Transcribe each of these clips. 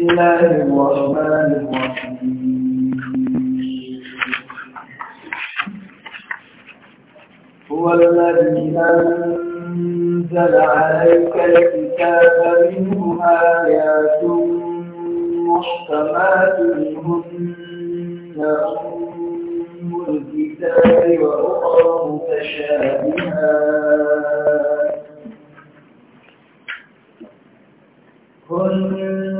الله الرحمن الرحيم هو الذي أنزل عليك الكتاب منه آيات محكمات منهن أم الكتاب وأخرى متشابهات هن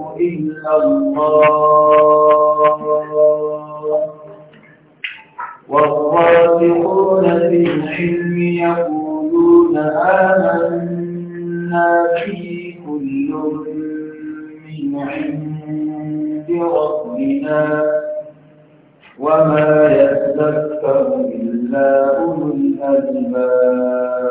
إلا الله والراسخون في العلم يقولون آمنا به كل من عند ربنا وما يتذكر إلا أولو الألباب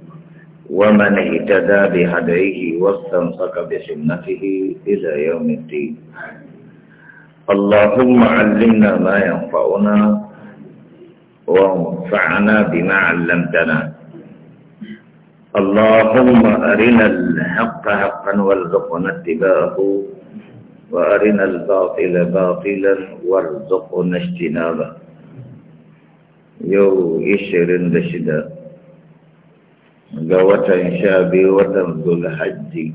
ومن اهتدى بهديه واستنصك بسنته إلى يوم الدين اللهم علمنا ما ينفعنا وانفعنا بما علمتنا اللهم أرنا الحق حقا وارزقنا اتباعه وأرنا الباطل باطلا وارزقنا اجتنابه يو يشرن لشدة ga watan sha biyu watan zulhajji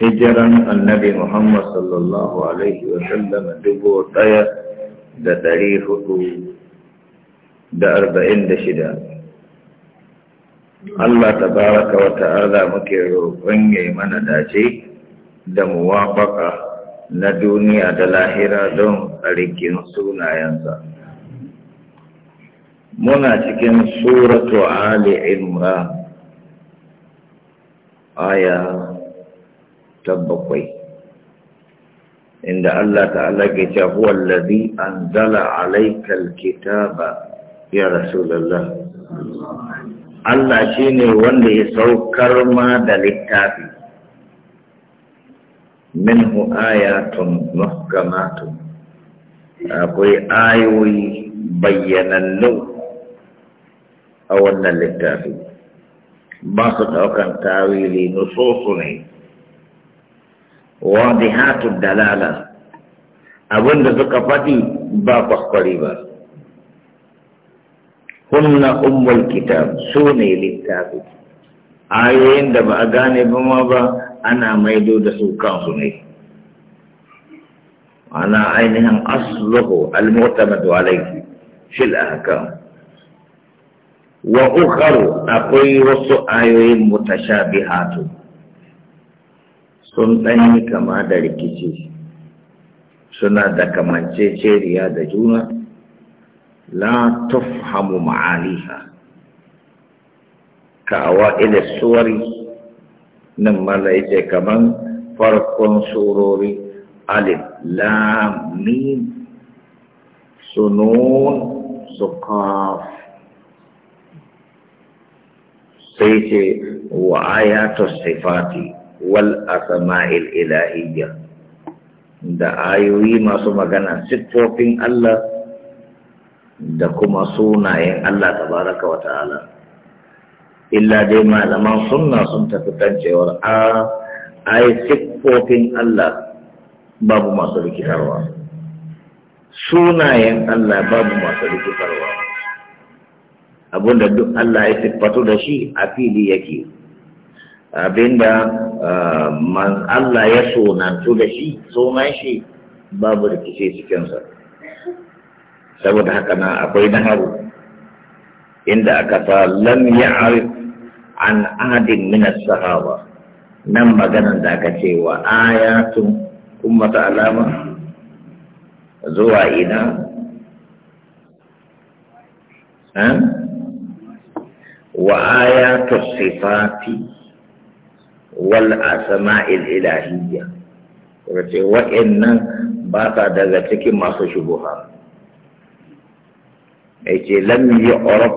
hijiran annabi muhammad sallallahu alaihi wa sallam dubu daya da dari hudu da arba'in da shida Allah Ta baraka wa ta'ala muke roƙon yayi mana dace da muwafaka na duniya da lahira don rikin sunayensa. muna cikin suratu ali imran aya ta bakwai inda Allah ta'ala ke cewa huwa alladhi anzala alayka alkitaba ya rasulullah Allah shine wanda ya saukar ma da littafi minhu ayatun muhkamatun akwai ayoyi bayyanannu أولا للتافي بسط أو كان تاويلي نصوصني واضحات الدلالة أبن ذكفتي باب قريبا هن أم الكتاب سوني للتافي آيين دب أغاني بمابا أنا ميدود سوكان سوني أنا أينهم أصله المعتمد عليه في الأحكام wa ukharu akwai wasu ayoyin mutashabihatu sun ɗanyi kama da rikici suna da kamance ceriya da juna la tufhamu ma'aliha ka awa'il suwari nan mala kaman farkon surori alif Lamin sunun sukaf sai ce wa ayatu sifati wal asma'il ilahiyya da ayoyi masu magana siffofin Allah da kuma sunayen Allah tabaraka wa ta'ala illa dai malaman sunna sun tafi kan cewar a ai siffofin Allah babu masu rikitarwa sunayen Allah babu masu rikitarwa abinda duk Allah ya siffatu da shi a fili yake abinda ah, man Allah ya sonantu da shi sunan shi babu rikice cikinsa saboda haka na akwai naharu inda aka sa lam ya'rif an ahadin min as-sahaba nan maganan da aka ce wa ayatun ta alama zuwa ina وآيات الصفات ba ta daga cikin masu ما Ai yace lam yu'raf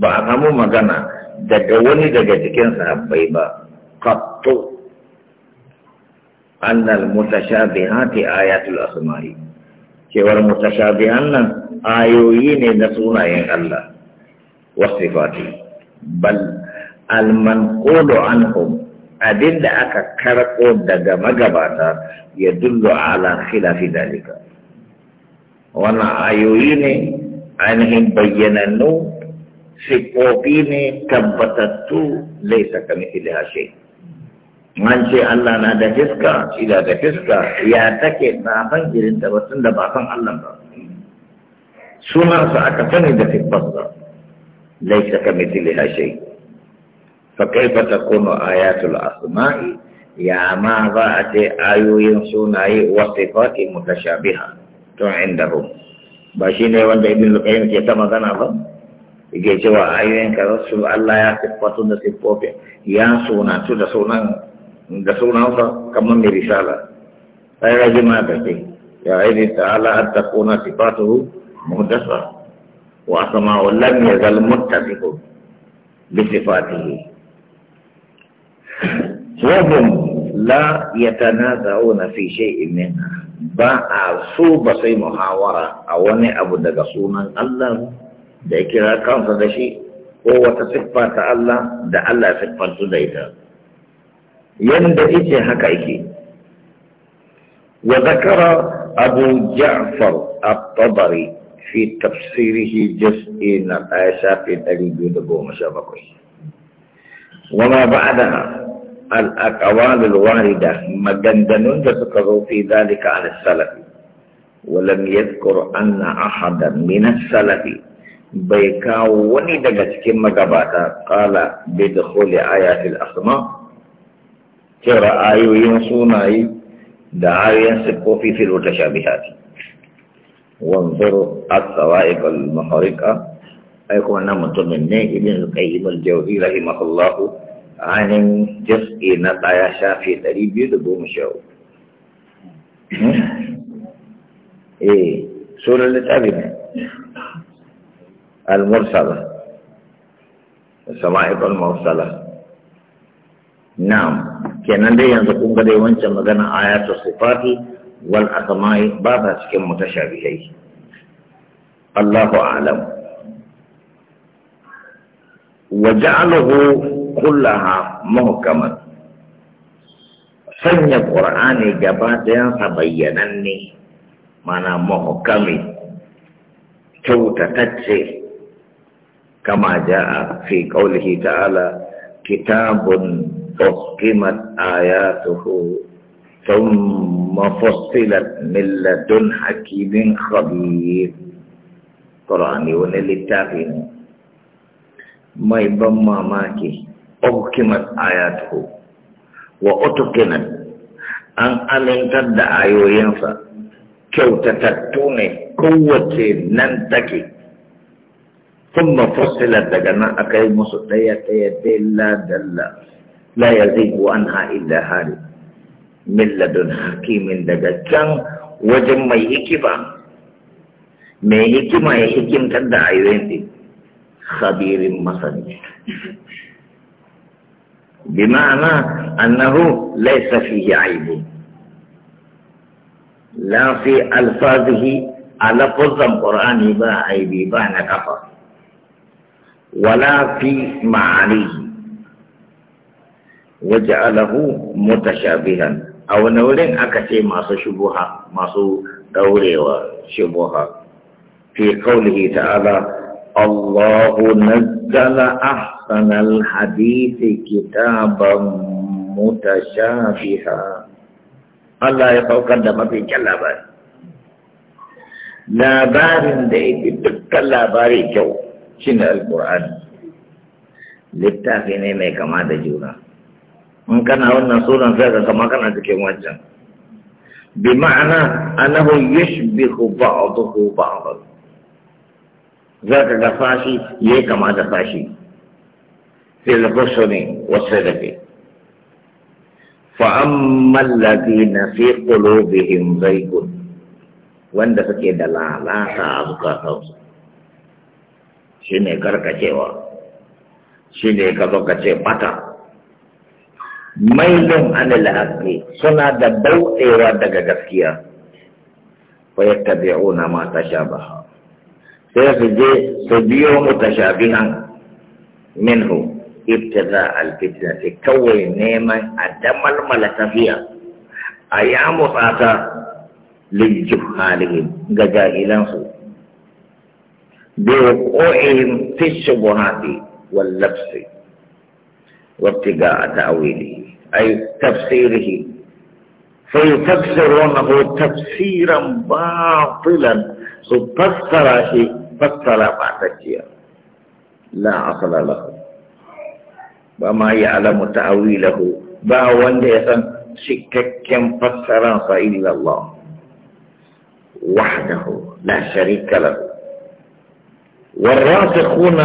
ba a samu magana daga wani daga cikin sahabbai ba qattu annal mutashabihati ayatul asma'i cewar mutashabihan nan ayoyi ne na sunayen Allah wasifati bal almanqulu anhum da aka karko daga magabata ya dullo ala khilafi dalika wannan ayoyi ne ainihin bayyanannu sikofi ne tabbatattu laisa kamithli ashe. man ce Allah na da fiska ila da fiska ya take na san irin da da ba san Allah ba sunansa aka sani da fiskar ليس كمثلها شيء فكيف تكون آيات الأسماء يا ما ضاعت آيوين سوناي وصفات متشابهة عندهم باشين وند ابن القيم كتما كان أظن cewa ayoyin ka su Allah ya siffatu da siffofin ya sunatu da sunan da sunansa kamar mai risala sai rajima da ke ya aidi ta'ala hatta kuna sifatuhu muhdasa واسماء لم يزل متصف بصفاته وهم لا يتنازعون في شيء منها با صوب سي محاورة أولي أبو دقصونا الله ذكر كان شيء هو تصفة الله دا الله صفة تزيدا يندئت هكايكي وذكر أبو جعفر الطبري في تفسيره جزء الآية في تجديد قوم شبكه وما بعدها الأقوال الواردة مجندنون تذكروا في ذلك على السلف ولم يذكر أن أحدا من السلف بيكا وندقت كما قبعت قال بدخول آيات الأسماء ترى آيو ينصون أي دعايا سبقوا في المتشابهات وانظروا الصوائب المحرقة أيقونا أنا مطمئن ابن القيم الجوزي رحمه الله عن جزء نطايا شافي تريد يدبو شو إيه سورة التابعين المرسلة الصوائب المرسلة نعم كان dai أن تكون قد dai مغانا آيات الصفاتي والأسماي بابس كم متشابهي الله أعلم وجعله كلها محكما سنة قرآن جبات سبيناني مانا محكمي توت تتسي كما جاء في قوله تعالى كتاب أحكمت آياته ثم فصلت من لدن حكيم خبير قرآن ونلتافين ما يبما ماكي اوكيمت آياته وأتقنت أن ألنتد ينفع كو kowace قوة ننتكي ثم فصلت دجنا أكيد مصدية دلا دلا لا يزيد عنها إلا هالك من لدن حكيم دجا جان وجن مي هكيبا مي هكي مي هكيم تدعى يوينتي خبير مصنع بمعنى أنه ليس فيه عيب لا في ألفاظه على قصد القرآن با عيب با نكفى ولا في معانيه وجعله متشابها a wani wurin aka ce masu shubuha masu daurewa shubuha fi kaulihi ta'ala الله نزل أحسن الحديث كتابا Allah الله يتوكل da mafi kyan labari labarin da ya fi dukkan labari kyau shine alkur'ani littafi ne mai kama da juna in kana wannan sunan sai ka kama kana cikin wancan bi ma'ana annahu yushbihu ba'dahu ba'dahu za ka ga fashi yayi kama da fashi fil husni wa sadaqi fa amma alladhina fi qulubihim zaygun wanda suke da lalata a zukatansu shi ne karkacewa shi ne ka zo ka ce bata mailin anil haqqi suna da bauɗewa daga gaskiya wa yattabi'una ma tashabaha sai su je su biyo mutashabihan minhu ibtida alfitnati kawai neman a damalmala tafiya a ya mutsata lijuhalihim ga jahilansu بوقوعهم في الشبهات واللبس وابتغاء تأويله أي تفسيره فيفسرونه تفسيرا باطلا فسر شيء فسر ما تشير لا أصل له وما يعلم تأويله باوان wanda شكك فسر إلا الله وحده لا شريك له والراسخون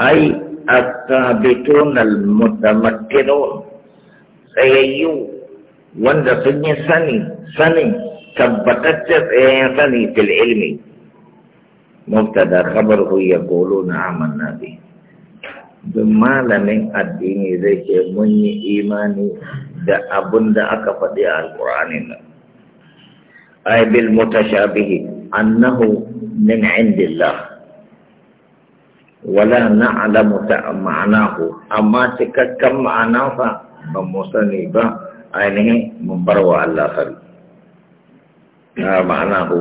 أي الثابتون المتمكنون tsayayyu wanda sun yi sani sani tabbataccen tsayayyen sani fil ilmi mubtada khabaruhu na amanna bi duk malamin addini zai ce mun yi imani da abun da aka faɗi a alƙur'ani nan ay bil mutashabihi annahu min indillah wala na'lamu ma'anahu amma cikakken ma'anansa ba mu sani ba ainihin mun bar wa Allah sani na ma'ana ku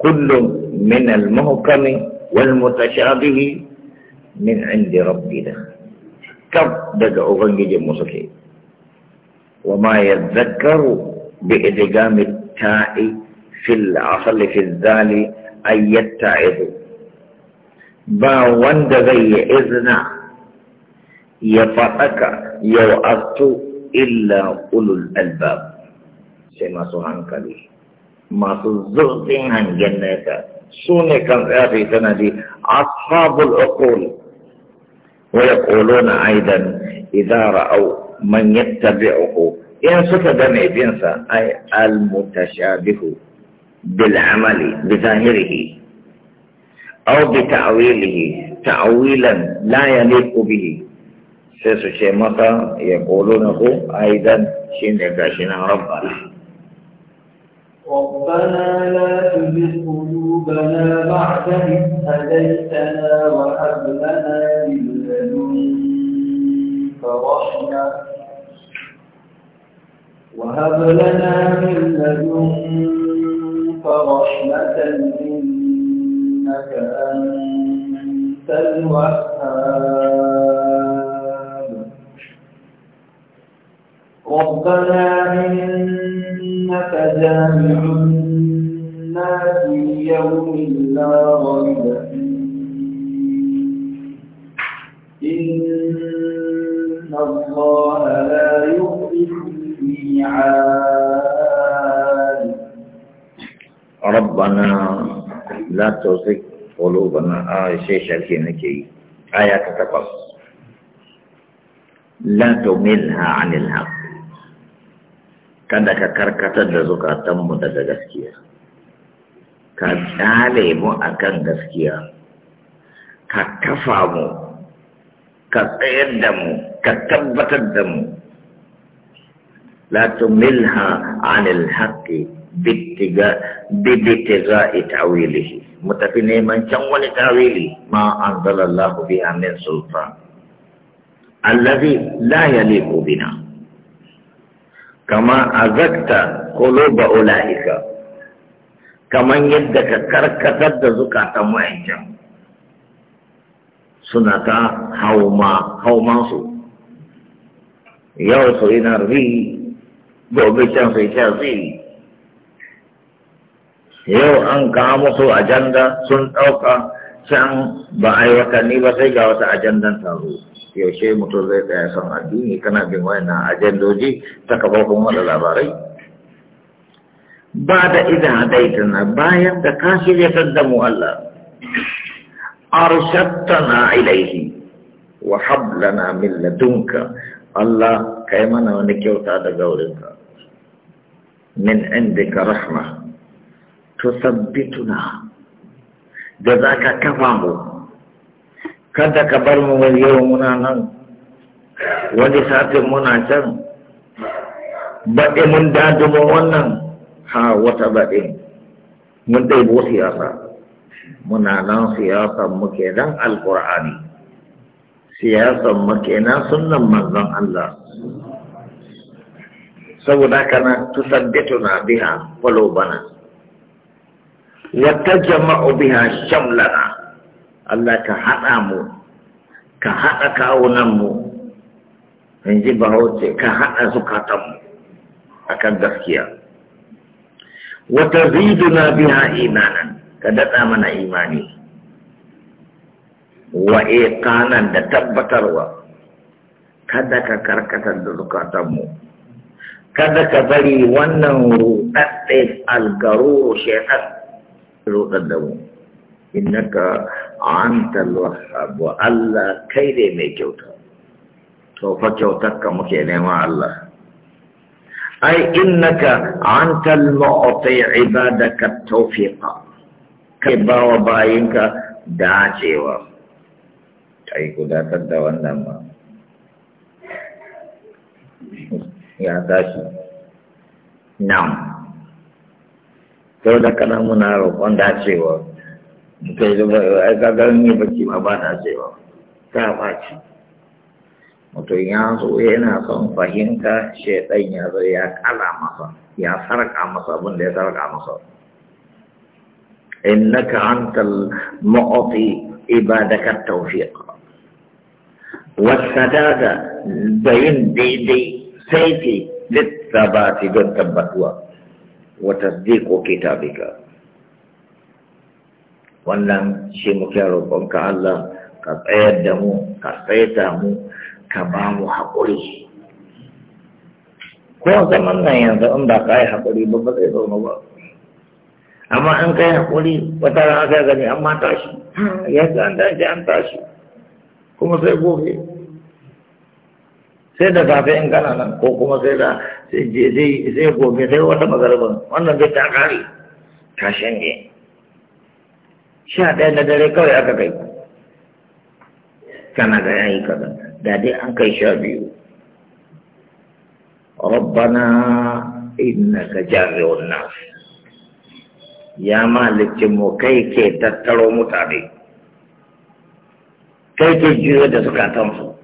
kullum min al muhkam wal mutashabihi min indi rabbina kab daga ubangijin mu suke wa ma yadhakkaru bi idgam idgami ta'i fil asli fi ay ayyatta'idu ba wanda zai izna ya fataka ya wa'attu illa ulul albab sai masu hankali masu zurfin hangen nesa su ne kan tsafi sanadi ashabul uqul wa yaquluna aidan idza ra'aw man yattabi'uhu in suka ga mai bin sa ay al mutashabihu bil amali bi zahirihi aw bi ta'wilihi ta'wilan la yaliqu bihi سيسو su ce masa ya kolo ربنا ربنا لا تزغ قلوبنا بعد إذ هديتنا وهب لنا من لدنك رحمة وهب لنا من لدنك رحمة إنك أنت الوهاب ربنا إنك جامع الناس يوم لا ريب إن الله لا يخلف الميعاد ربنا لا تزغ قلوبنا آية شيخ الكينكي آية تتقص لا تملها عن الحق kada ka karkatar da zukatanmu daga gaskiya ka tsale mu akan gaskiya ka kafa mu ka tsayar da mu ka tabbatar da mu la tumilha anil haqqi bittiga bibitiga itawilihi mu tafi neman can wani tawili ma anzalallahu biha min sultan allazi la yaliqu bina kama azakta kuluba ulaika kaman yadda ka karkatar da zukatan wa'ancan suna ta hauma su yau su ina ri gobe can su ce zai yau an kawo musu ajanda sun ɗauka can ba a yi watanni ba sai ga wata ajandan taro yaushe mutum zai tsaya son addini kana bin wayannan ajandoji ta kafofin wada labarai ba da idan hadaitana bayan da ka shirya da mu Allah arshattana ilaihi wa hablana min ladunka Allah kai mana wani kyauta daga wurinka min indika rahma tusabbituna da zaka kafa mu kada ka bar mu wani yau muna nan wani satin muna can baɗi mun mu wannan ha wata baɗi mun ɗaibo siyasa muna nan siyasan muke nan alƙur'ani siyasan muke nan sunan manzon Allah saboda haka tusaddatu na biha qulubana wata jama'u biha shamlana Allah ka haɗa mu ka haɗa kawunan mu in ji bahauce ka haɗa zukatan mu akan gaskiya wata ziduna biha imanan ka daɗa mana imani wa ƙanan da tabbatarwa kada ka karkatar da zukatan mu kada ka bari wannan ruɗaɗɗe algaro shekar ruɗaɗɗe da mu innaka anta al-wahhab Allah kai ne mai kyauta to fa kyautarka muke nema Allah ai innaka anta al-mu'ti ibadaka tawfiqa kai bawa bayinka dacewa kai gudatar da wannan ma ya tashi nan sau da kana muna roƙon dacewa kai zuba ai kaga ga yi baki ma ba ta cewa ta ci mutum ya zo yana son fahimta shaidan ya zo ya kala masa ya sarƙa masa abin da ya sarka masa innaka antal mu'ti ibadaka tawfiq sadada bayin daidai saiti littabati don tabbatuwa wa tasdiqu kitabika wannan shi muke roƙonka Allah ka tsayar da mu ka tsaita mu ka ba mu haƙuri ko zaman nan yanzu in ba ka yi haƙuri ba ba zai zauna ba amma an kai haƙuri wata ran aka gani an ma tashi ya ga an tashi an tashi kuma sai gobe sai da safe in kana nan ko kuma sai da sai gobe sai wata magarban wannan zai ta ƙare. ka shanye sha ɗaya na dare kawai aka kai kana ga yayi kaza da dai an kai sha biyu rabbana innaka jami'un nas ya malicin mu kai ke tattaro mutane kai ke jiyo da zukatansu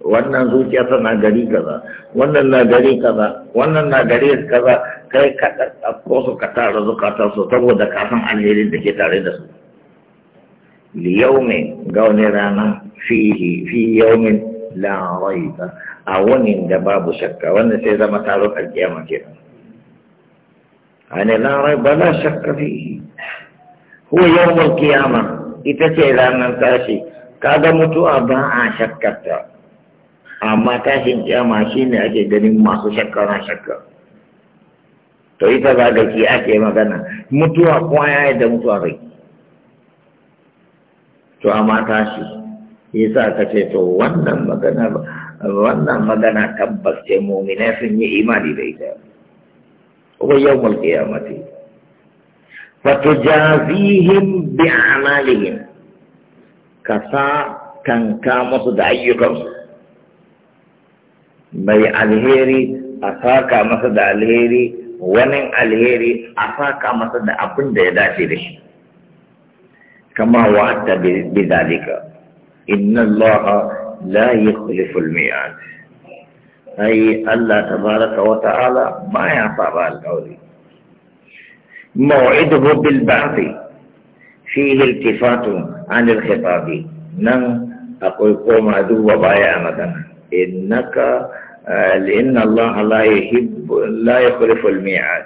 wannan zuciya tana gari kaza wannan na gari kaza wannan na gari kaza kai ka ɗaɗɗako su ka tara zukatansu saboda ka san alherin da ke tare da su liyaume ga wani rana fi yaumin la'arai ba a wani da shakka wanda sai zama taron alkiyama ke nan a ne la'arai ba na shakka fi huwa yaumin kiyama ita ce ranar tashi kaga mutuwa ba a shakkarta amma tashin kiyama shi ne ake ganin masu shakka na shakka to ita ba da ke ake magana mutuwa kwaya da mutuwa rai to amma tashi yasa ka ce to wannan magana wannan magana tabbas ce mu'minai sun yi imani da ita kuma yawmul qiyamati fatujazihim bi amalihim ka sa kanka musu da ayyukan. mai alheri a saka masa da alheri wani alheri a saka masa da abin da ya dace da shi كما وعدت بذلك إن الله لا يخلف الميعاد أي الله تبارك وتعالى ما يعطى القول موعده بالبعث فيه التفات عن الخطاب نن نعم، أقول قوم عدو وبايع مثلا إنك لأن الله لا يحب لا يخلف الميعاد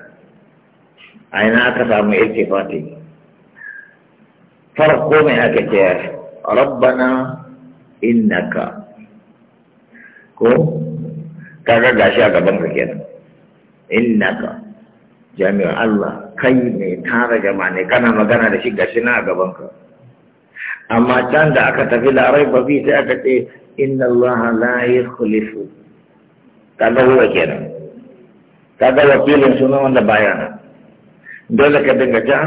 أين أكثر من التفاتي farko mai aka ce rabbana innaka ko kaga gashi a gaban ka kenan innaka jami'ar Allah kai ne tara jama'a ne kana magana da shi gashi na a gaban ka amma can da aka tafi larai ba fi sai aka ce inna Allah la yukhlifu kaga huwa kenan kaga wakilin suna wanda bayana. dole ka dinga ja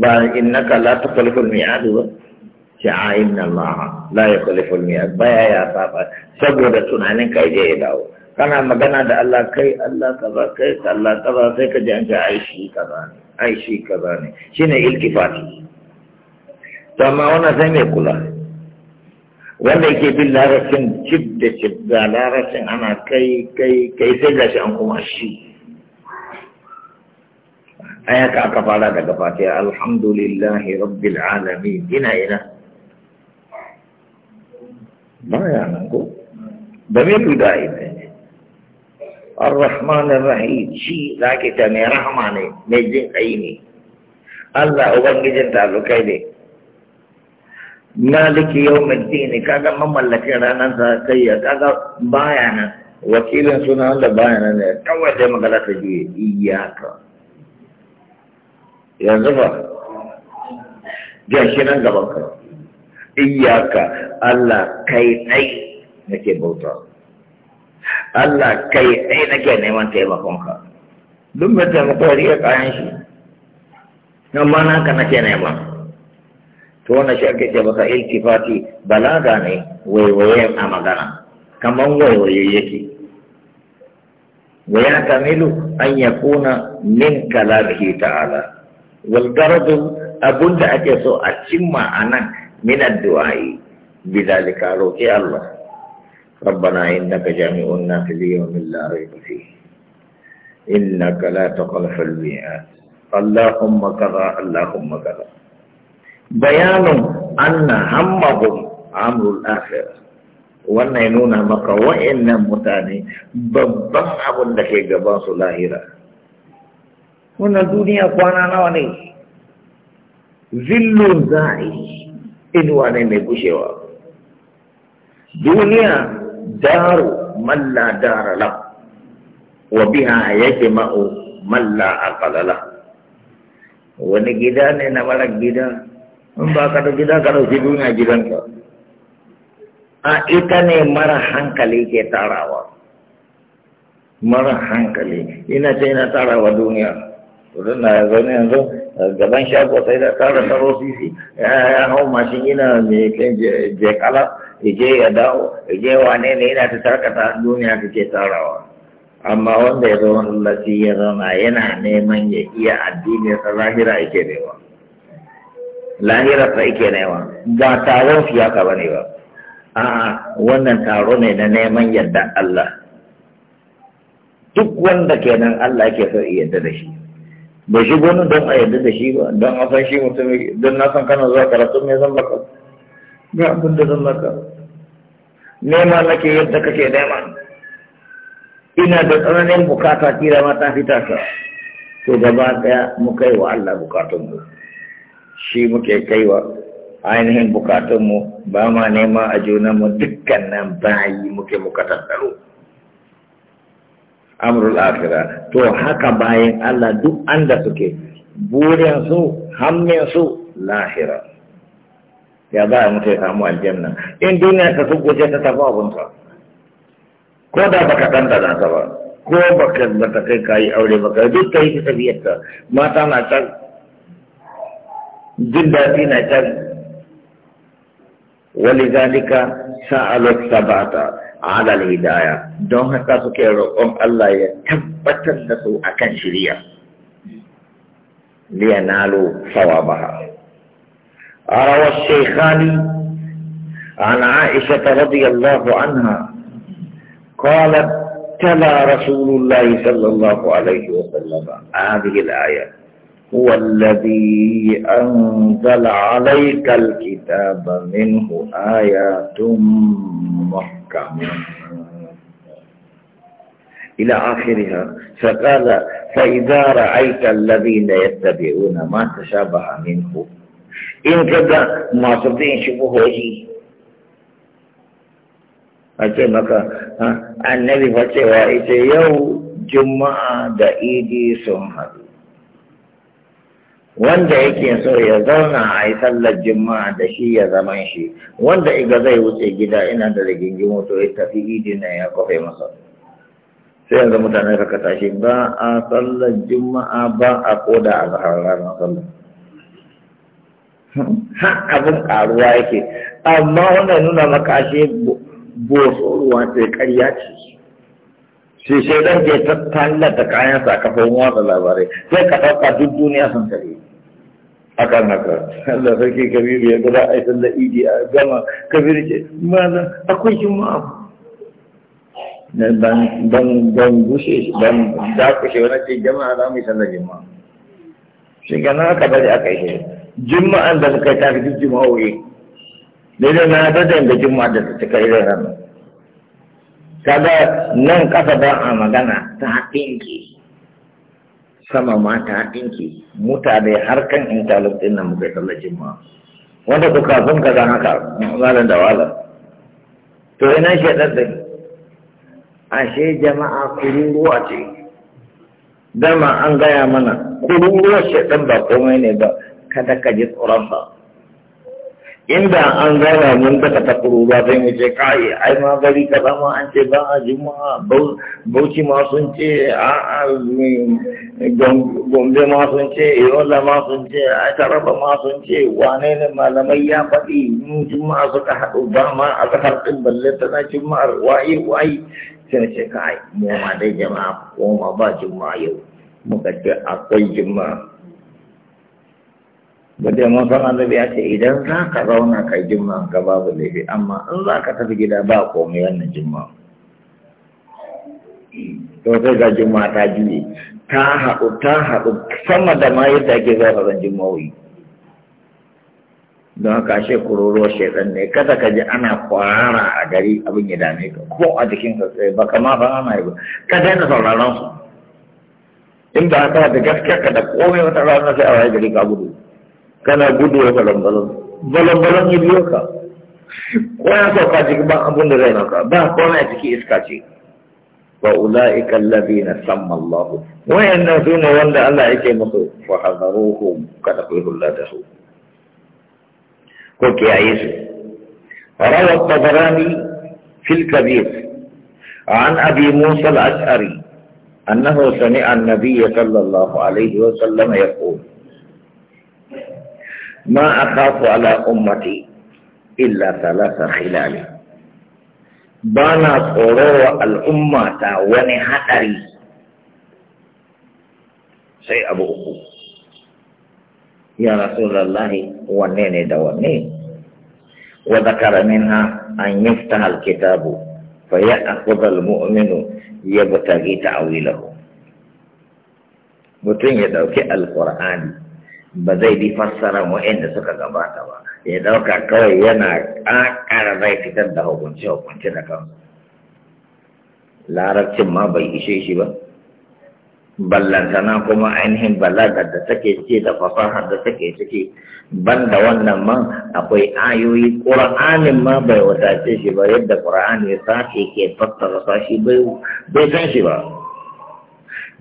ba innaka la tukhlifu al-mi'ad ba ce a inna Allah la yukhlifu al-mi'ad baya ya saba saboda tunanin kai je ya dawo kana magana da Allah kai Allah kaza kai Allah kaza sai ka ji an ce ai shi kaza ne ai shi kaza ne shine iltifati to amma wannan sai mai kula wanda yake bin larasin cib da cib ga larasin ana kai kai kai sai gashi an kuma shi ayat ka kepala daga fatiha alhamdulillahi rabbil alamin ina ina baya ko da me guda ita ar-rahman ar shi dakita ta mai rahama ne mai jin kai Allah ubangijin ta lokai ne maliki yawmin din ka ga mamallakin ranan sa kai ya ka ga baya wakilin sunan da bayanan nan ne kawai dai magana ta juye iyaka yanzu ba gashi nan gaban ka iyaka Allah kai ɗai nake bauta Allah kai ɗai nake neman taimakonka duk mai taimako riya kayan shi nan ma ka nake nema to wannan shi ake ce masa iltifati balaga ne waiwaye a magana kamar waiwaye yake wa ya tamilu an yakuna min kalamihi ta'ala والغرض أبن أكسو أتشم أنا من الدعاء بذلك روكي الله ربنا إنك جامع الناس ليوم لا ريب فيه إنك لا تخلف الميعاد اللهم كذا اللهم كذا بيان أن همهم أمر الآخرة wannan ya nuna maka wa'annan mutane babban abin da ke gaban su lahira wannan duniya kwana nawa ne zillun za'i inuwa ne mai gushewa duniya daru malla dara lam wa biha yake ma'u malla aqalala wani gida ne na mara gida in ba ka da gida ka dauki duniya gidanka a ita ne mara hankali ke tarawa mara hankali ina ce ina tarawa duniya Wurin na zaune yanzu gaban shago sai da kara taro sisi ya hau mashin ina mai kan kala, ya je ya dawo ya je wane ne yana ta tarkata duniya ke tarawa. Amma wanda ya zama lallaci ya zauna yana neman ya iya addini sa lahira yake nema. Lahira sa yake nema ba taron siyasa ba ne ba. A'a wannan taro ne na neman yadda Allah. Duk wanda kenan Allah ke so iya da shi. ba shi gonu don a yadda da shi ba don a san shi mutum don na san kana zuwa karatu mai zan baka ga abin da zan baka nema nake yadda kake nema ina da tsananin bukata kira ma ta fita ka to gaba daya mu kai wa Allah bukatun mu shi muke kai wa ainihin bukatun mu ba ma nema a junan mu dukkan nan bayi muke muka tattaro amrul akhirah to haka bayan Allah duk anda suke burin su hammin su lahira ya ba mu samu aljanna in duniya ta suko ce ta tafi abun ta ko da baka danta da ta ba ko baka da ta kai kai aure baka duk kai ta tafiyar mata na can jin daɗi na can walizalika سألوا sabata. على الهدايه دون هكا سكي روكم الله يتبتل لسو أكن شريع لينالوا صوابها أروى الشيخان عن عائشة رضي الله عنها قالت تلا رسول الله صلى الله عليه وسلم هذه الآية هو الذي أنزل عليك الكتاب منه آيات محر. إلى آخرها فقال فإذا رأيت الذين يتبعون ما تشابه منه إن كذا ما تبين شبهه أتي مكا النبي فتوى إتي يوم juma'a da idi sun haɗu wanda yake so ya zauna a yi sallar juma'a da shi ya zaman shi wanda iga zai wuce gida ina da rigingimu to ya tafi idi na ya kofe masa sai yanzu mutane suka shi ba a sallar juma'a ba a koda a zahar ranar sallar abin karuwa yake amma wanda nuna maka shi, boso sai karya ce sai dan ke tattalar da kayan sa kafin watsa labarai sai ka ɗauka duk duniya sun kare na haka Allah sarki kabiru ya gaba a da idi a gama kabiru ce mana akwai juma'a ban ban ban gushe ban shi wani ce jama'a za mu yi sallar jama'a shi gana aka bari aka yi juma'an da suka yi tafi duk juma'o'i daidai na da juma'a da ta cika irin ranar kaga nan kasa ba a magana ta ɗinki sama ma ta ɗinki mutane harkan intalok ɗin nan muka tsallacin ma wanda ku kafin ka zan haka malam da wala to ina shi ɗan ɗin ashe jama'a kururuwa ce dama an gaya mana kururuwa ɗan ba komai ne ba kada ka ji tsoron ba inda an gana mun daga takuru ba zai mu ce kai ai ma gari kaza ma an ce ba a juma'a bauchi ma sun ce a gombe ma sun ce yola ma sun ce a taraba ma sun ce wane ne malamai ya faɗi in juma'a suka haɗu ba ma a kasar ɗin balle ta na juma'ar waye waye sai na ce kai mu ma dai jama'a ko ma ba juma'a yau muka ce akwai juma'a Bada mun san annabi ya ce idan za ka zauna kai jimma ka babu laifi amma in za ka tafi gida ba komai wannan jimma. To sai ga jimma ta juye ta haɗu ta haɗu sama da ma yadda ake zan ran jimma'o'i. Don haka ashe kururuwar shaidan ne kada ka ji ana kwarara a gari abin ya dame ka ko a jikin eh, ka tsaye ba kama ba ana yi ba ka daina sauraron su. In ba haka da gaskiya ka da komai wata rana sai a waye gari ka gudu. kana gudu wa balambalan balambalan ya biyo ka ko ya sauka jiki ba abin da zai maka ba komai a jiki iska ce wa ula'ika allazina samma Allah wayannan su ne wanda Allah yake musu fa hadaruhum kada ku hulla da su ko kiyaye su rawa tabarani fil kabir عن أبي موسى الأشعري أنه سمع النبي صلى الله عليه وسلم يقول ما أخاف على أمتي إلا ثلاث خلال بانا قرور الأمة ونحتري سي أبو أخو يا رسول الله ونيني دواني وذكر منها أن يفتح الكتاب فيأخذ المؤمن يبتغي تعويله متين يدوكي القرآن ba zai bi fassaran wa'anda suka gabata ba ya ɗauka kawai yana ƙara zai fitar da hukunce-hukunce da kansu larabcin ma bai ishe shi ba ballantana kuma ainihin balagar da take ce da fasahar da take ciki da wannan ma akwai ayoyi ƙura'anin ma bai wadace shi ba yadda ƙura'ani sashi ke fassara sashi bai san shi ba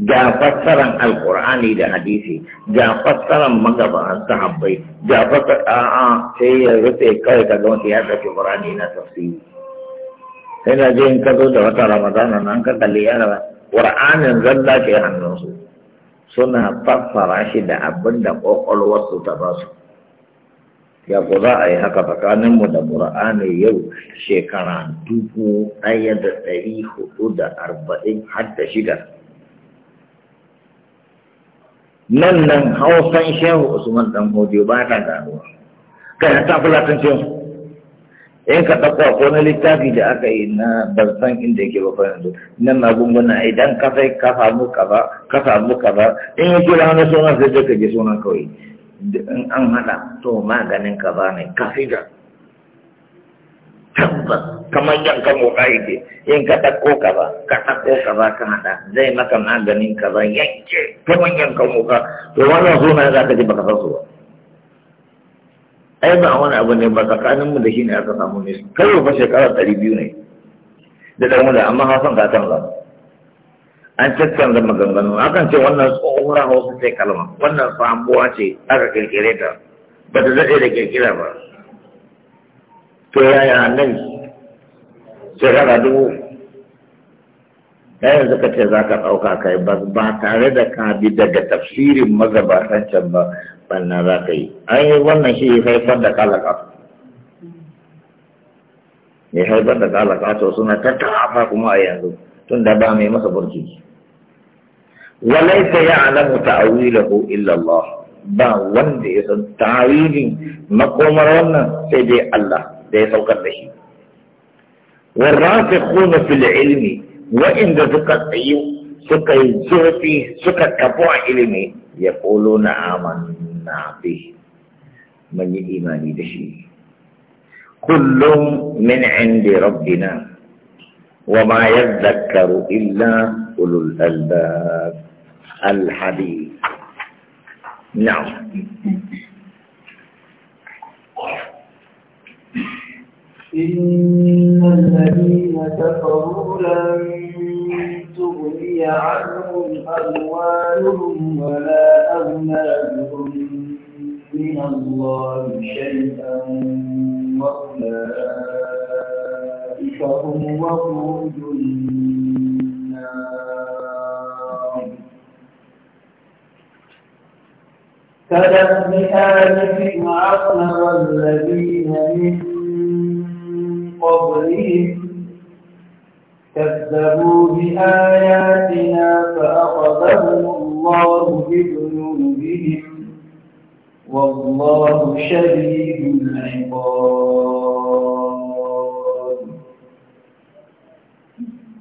ga fassaran alkur'ani da hadisi ga fassaran magabaran sahabbai ga fassara a'a sai ya rufe kai ka ga wata yadda ke na tafsiri sai na je in ka zo da wata ramadana nan ka kalli yana kur'anin zalla ke hannunsu suna fassara shi da abin da su ta ba su ya ku za a yi haka tsakaninmu da kur'ani yau shekara dubu ɗaya da ɗari hudu da arba'in har da shida nan nan hausan shehu usman dan hodiyo ba ta ganuwa kai ta fulatan ce in ka ɗauka ko na littafi da aka yi na ban san inda yake ba fara yanzu na magunguna idan ka sai ka samu kaza ka samu ba in ya kira na sunan sai ka je sunan kawai in an hada to maganin ba ne ka tabbas kamar yankan wuka yake in ka ɗauko ka ba ka ɗauko ka ba ka haɗa zai maka maganin ka ba yanke kamar yankan wuka to wannan suna za ka ji baka san su ba ai ba wani abu ne ba tsakanin mu da shi ne aka samu ne kai ba shekara ɗari biyu ne da ɗan wuda amma hasan ka canza an da maganganu akan ce wannan tsohuwar hausa ce kalma wannan sabuwa ce aka kirkire ta ba ta daɗe da kirkira ba to yaya nan shekara dubu yanzu ka ce za ka ɗauka kai ba ba tare da ka bi daga tafsirin magabatan can ba bannan za ka yi an yi wannan shi ya haifar da kalaka ya haifar da kalaka to suna ta tafa kuma a yanzu tun da ba mai masa burki walaita ya alamu ta'awilahu illa Allah ba wanda ya san ta'awilin makomar wannan sai dai Allah ده يتوقف بشي والراسخون في العلم وإن ده أي أيو سكت زهتي سكت كبوع علمي يقولون آمنا به من الإيمان بشي كل من عند ربنا وما يذكر إلا أولو الألباب الحديث نعم إن الذين كفروا لن تغني عنهم أموالهم ولا أولادهم من الله شيئا وأولئك هم وقود النار كذب آل فرعون والذين من قبلهم كذبوا بآياتنا فأخذهم الله بذنوبهم والله شديد العقاب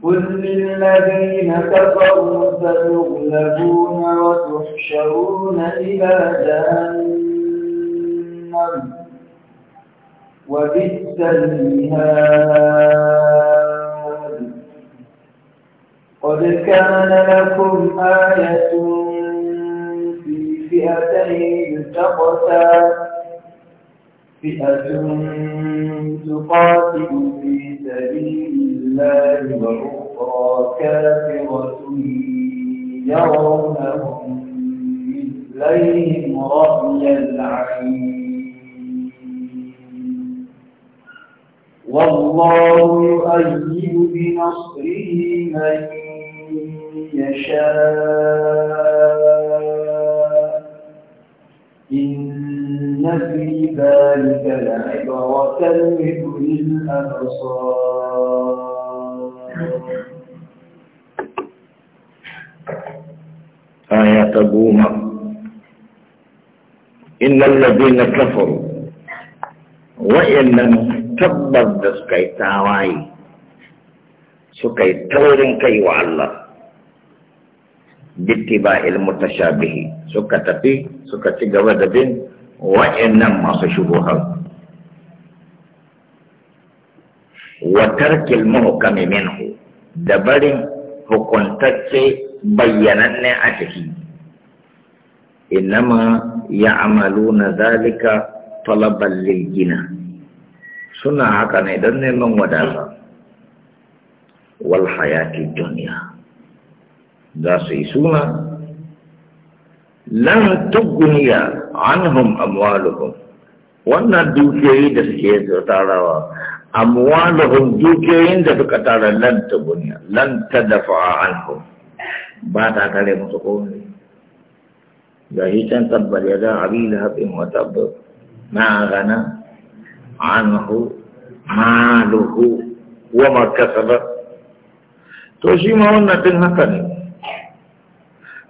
قل للذين كفروا فتغلبون وتحشرون إلى جهنم وبئس المهاد قد كان لكم آية في فئتين التقتا فئة تقاتل في سبيل الله وأخرى كافرة يرونهم مثليهم رأي العين والله يؤيد بنصره من يشاء إن في ذلك لعبرة لأولي الأبصار آية قوما إن الذين كفروا وإن لم tabbas da suka yi tawaye suka yi taurin kai wa Allah ba bittiba ilmutashabihi suka tafi suka ci gaba da bin wa'in nan masu shigo wa tarkil muhkami minhu da barin hukuntacce bayyananne a ciki innama na zalika talabar lilgina gina suna haka ne don neman wadata wal hayati duniya za su yi suna lan tuguniya anhum amwaluhum wannan dukiyoyi da suke tarawa amwaluhum dukiyoyin da suka tara lan tuguniya lan ta tadafa anhum ba ta kare musu komai ga shi can tabbar ya da abin da haɓin wata na gana anhu maluhu wa ma kasaba to shi ma wannan din haka ne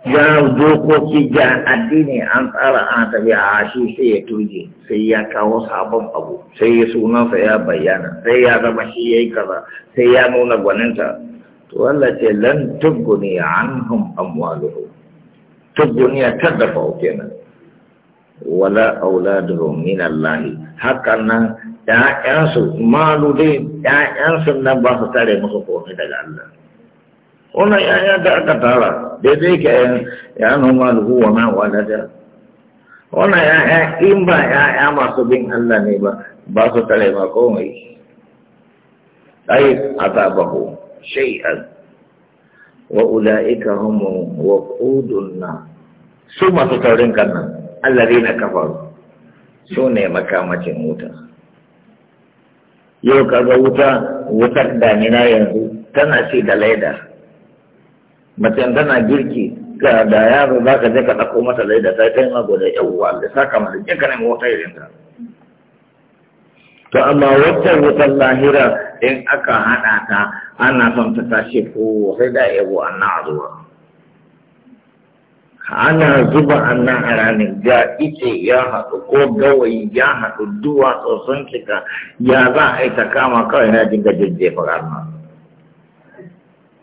ya dokoki ga addini an tsara an tafi a shi sai ya turje sai ya kawo sabon abu sai ya sunansa ya bayyana sai ya zama shi ya yi kaza sai ya nuna gwaninta to Allah ce lan tubguni anhum amwaluhu tubguni ya kaddafa kenan wala auladuhum min Allah hakan nan ƴaƴansu malu dai ƴaƴansu nan ba su tare musu komai daga Allah wannan ƴaƴa da aka tara daidai ke ya nu maluhu wa ma walada wannan ƴaƴa in ba 'ya'ya masu bin Allah ne ba ba su tare ma komai ai azabahu shay'an wa ulaika hum waqudun nar su masu taurin kannan. na kafar su ne makamacin wuta yau kaga wuta wutar damina yanzu tana ce da laida macen tana girki ga da yaro za ka je ka ɗauko mata laida ta kai ma gobe yawwa da sa ka masu ka nemi wata irin ta to amma waccan wutar lahira in aka haɗa ta ana son ta tashi ko sai da yabo annan a zuwa ana zuba annan a ranar ga ice ya haɗu ko gawayi ya haɗu duwa sosan cika ya za a yi ta kama kawai na dinga jefa ranar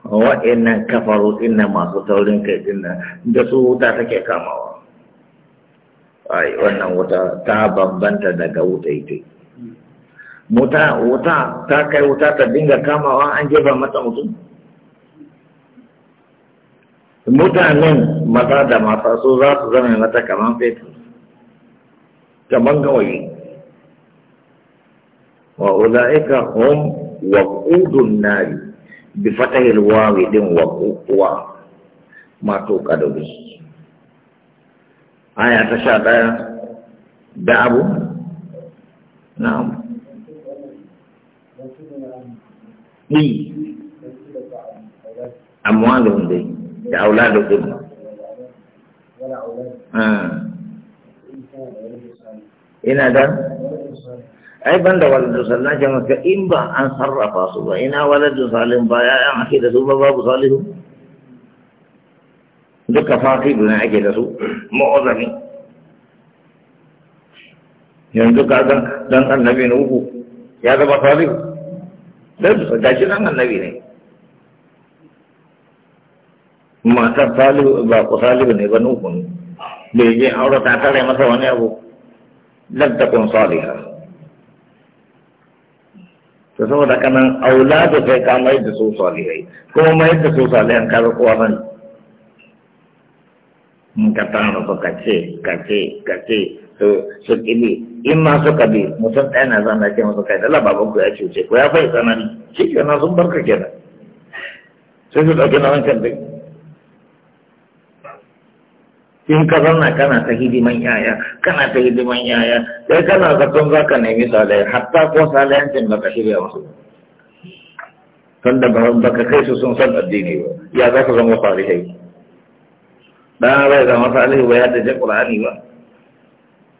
wa'annan kafaru ɗin masu taurin kai ɗin da su wuta take kamawa ai wannan wuta ta bambanta daga wuta ita wuta ta kai wuta ta dinga kamawa an jefa mata mutum mutanen maza da mata su za su zama mata kaman fetur kaman gawayi wa ula'ika wa waqudun nari bi fatahil wawi din waquwa mato kadabi aya ta sha daya da abu na'am ni amwalun dai da auladukum ina da ai ban da waladu sallan ce maka in ba an sarrafa su ba ina waladu salim ba ya yan ake da su ba babu salihu ake yanzu ka dan annabi na uku ya zama salihu dan gashi nan annabi ne matar salihu ba ku salihu ne ba nuhun da ya je aure ta tare masa wani abu lantakun saliha ta saboda kanan aula da kai ka mai da su salihai kuma mai da su salihan ka ga kowa sani in ka tara su ka kace kace ce ka ce su kili in ma suka bi mutum ɗaya na zana ce masu kai dala baban ku ya ce, ku ya fai tsanani shi kenan sun barka kenan sai su ɗauki na wancan duk in ka zanna kana ta hidiman yaya kana ta hidiman yaya sai kana zaton za ka nemi salai hatta ko salayancin ba ka shirya musu sanda ba ka kai su sun san addini ba ya za su zama salihai dan bai zama salihu ba ya dace qur'ani ba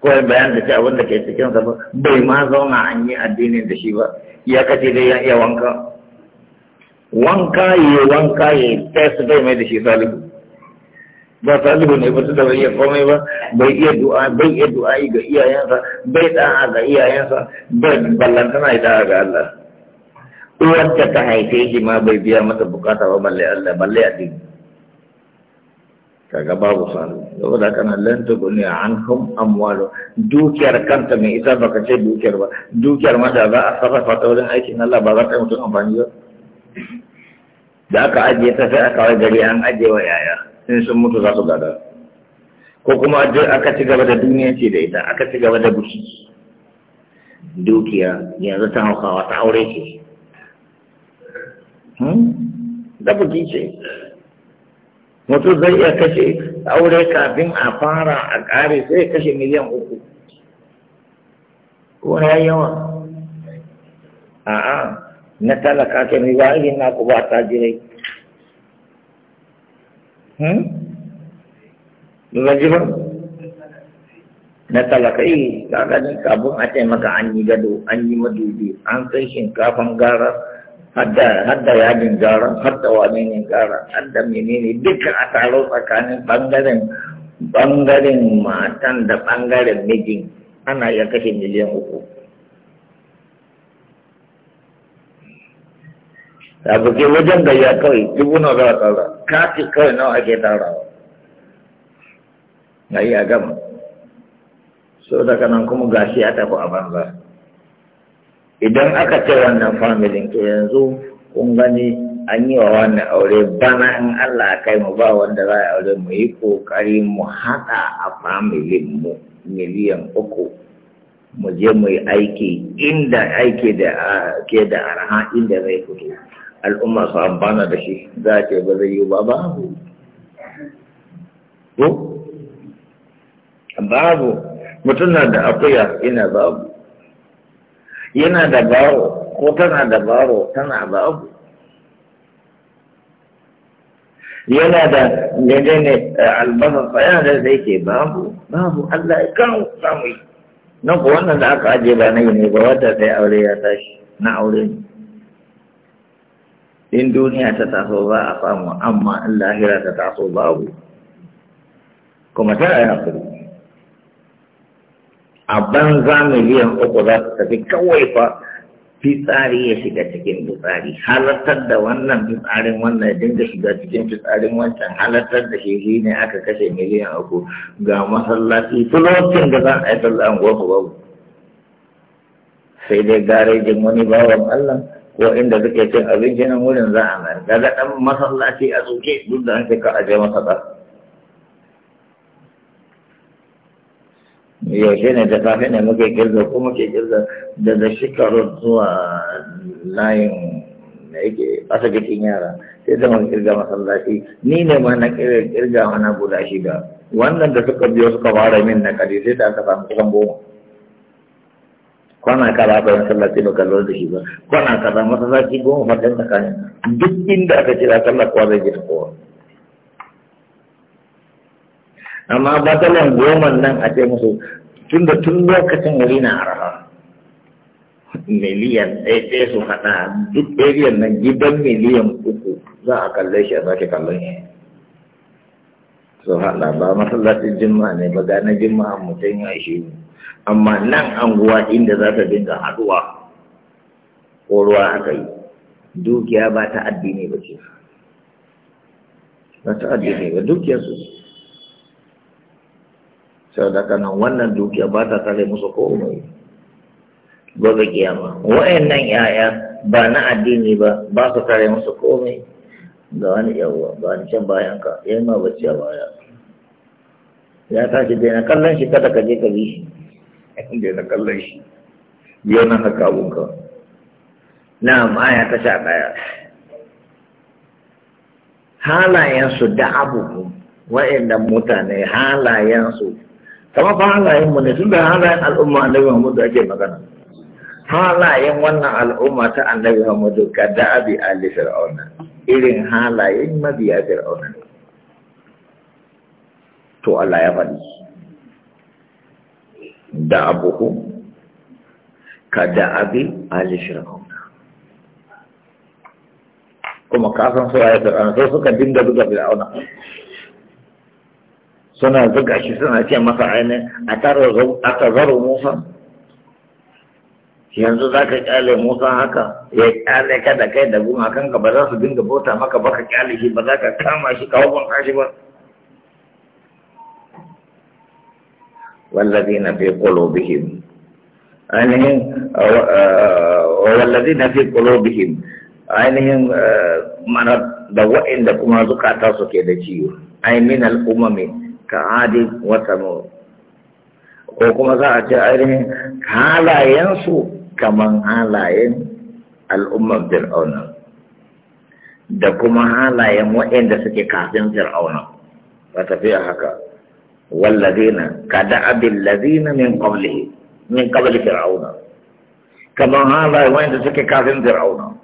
ko bayan da ce abin da ke cikin sa ba bai ma zauna an yi addinin da shi ba ya kace dai ya iya wanka wanka yi wanka yi su bai mai da shi salihu ba salihu ne ba da bai iya komai ba bai iya du'a bai iya du'a'i ga iyayensa bai da'a ga iyayensa bai ballantana ya da'a ga Allah uwarta ta haife shi ma bai biya mata bukata ba balle Allah balle addini kaga babu yau da kana a an anhum amwalu dukiyar kanta mai ita baka ce dukiyar ba dukiyar ma da za a sarrafa ta wurin aikin Allah ba za ta yi mutum amfani ba da aka ajiye ta sai aka wai gari an ajiye wa yaya in sun mutu za su gada ko kuma aka ci gaba da duniya ce da ita aka ci gaba da buki dukiya yanzu ta haukawa ta aure ce hmm? da buki ce Mutu zai iya kashe aure kafin a fara a ƙare sai kashe miliyan uku ko ya yawa a'a na talaka ke mai ba irin na ku ba ta jirai na ji ba na talaka yi kagani ni a ce maka an yi gado an yi madubi an sai shinkafan gara hadda yajin gara hadda wane ne gara hadda menene duka a taro tsakanin bangaren matan da bangaren mijin ana iya kashe miliyan uku da buke wajen gayya kawai dubu nawa za a tsara kati kawai nawa ake tarawa na iya gama so daga nan kuma gashi ya tafi a banza idan aka ce wannan familin ke yanzu kun gani an yi wa wannan aure bana in Allah kai mu ba wanda za a aure mu yi kokari mu haɗa a familin mu miliyan uku mu je mu yi aiki inda aiki da ke da arha inda zai fito al'umma su amfana da shi za a ce ba zai yi ba babu ko babu mutum na da akuya ina babu yana da baro ko tana da baro tana babu yana da gade ne eh, albasa tsaya da zai ke babu babu Allah ya kawo samu Na ko wannan da aka ajiye ba na yi ne ba wata sai aure ya tashi na aure ne in duniya ta taso ba a famu amma in lahira ta taso babu kuma ta yi hakuri a banza miliyan uku za su tafi kawai fa fitsari ya shiga cikin fitsari halartar da wannan fitsarin wannan ya dinga shiga cikin fitsarin wancan halartar da shi shi ne aka kashe miliyan uku ga masallaci fulotin da za a yi sallah an babu sai dai garejin wani bawan Allah waɗanda suke cin abinci nan wurin za a mayar daga ɗan masallaci a tsoke duk da ake ka aje masa ɗan yaushe ne da safe ne muke girza ko muke girza daga shekarun zuwa layin da yake asibitin yara sai da kirga masallaci ni ne ma na kirga mana guda shida wannan da suka biyo suka fara min na kadi sai da aka samu kusan goma kwana kaza bayan sallah sai baka lura da shi ba kwana kaza masallaci goma fadin tsakanin duk inda aka ce sallah kowa zai je kowa amma batalan goma nan a ce musu tun da tun lokacin wuri na araha miliyan ɗaya ɗaya su haɗa duk ɗariyan nan gidan miliyan uku za a kalle shi a sake kallon shi su haɗa ba masallacin jimma ne ba gane jimma mutum ya shi amma nan anguwa inda za ta dinga haduwa ko ruwa aka yi dukiya ba ta addini ba ce ba ta addini ba dukiya su sau da kanan wannan dukiya ba ta tare musu komai gobe kiyama nan yaya ba na addini ba ba su tare musu komai ga wani yawwa ga wani can bayan ka yayi ma ba a baya ya tashi daina kallon shi kada ka je ka bi shi inda na kallon shi Na haka abunka na maya ta sha ɗaya halayensu da abubu wa'annan mutane halayensu Kama fa halayenmu ne tun da halayen al'umma annabi Muhammadu ake magana halayen wannan al'umma ta annabi Muhammadu ka da abi ali fir'auna irin halayen mabiya fir'auna to Allah ya faɗi da'abuhum ka da'abi abi fir'auna kuma ka san su ya fir'auna sai suka dinga zuga fir'auna suna zuga shi suna ce masa ainihin a tazaru musa yanzu za ka kyale musa haka ya kyale ka da kai da gumakan ka ba za su dinga bauta maka ba ka kyale shi ba za ka kama shi ka ban shi ba na والذين في قلوبهم ainihin na fi qulubihim ainihin mana da wa'inda kuma zukata su ke da ciwo ai min al'umami ka adi wa samud ko kuma za a ce ainihin su kaman halayen al'ummar fir'auna da kuma halayen wa'inda suke kafin fir'auna ba tafiya haka والذين كدأب الذين من قبله من قبل فرعون كما هذا وين تسك كافر فرعون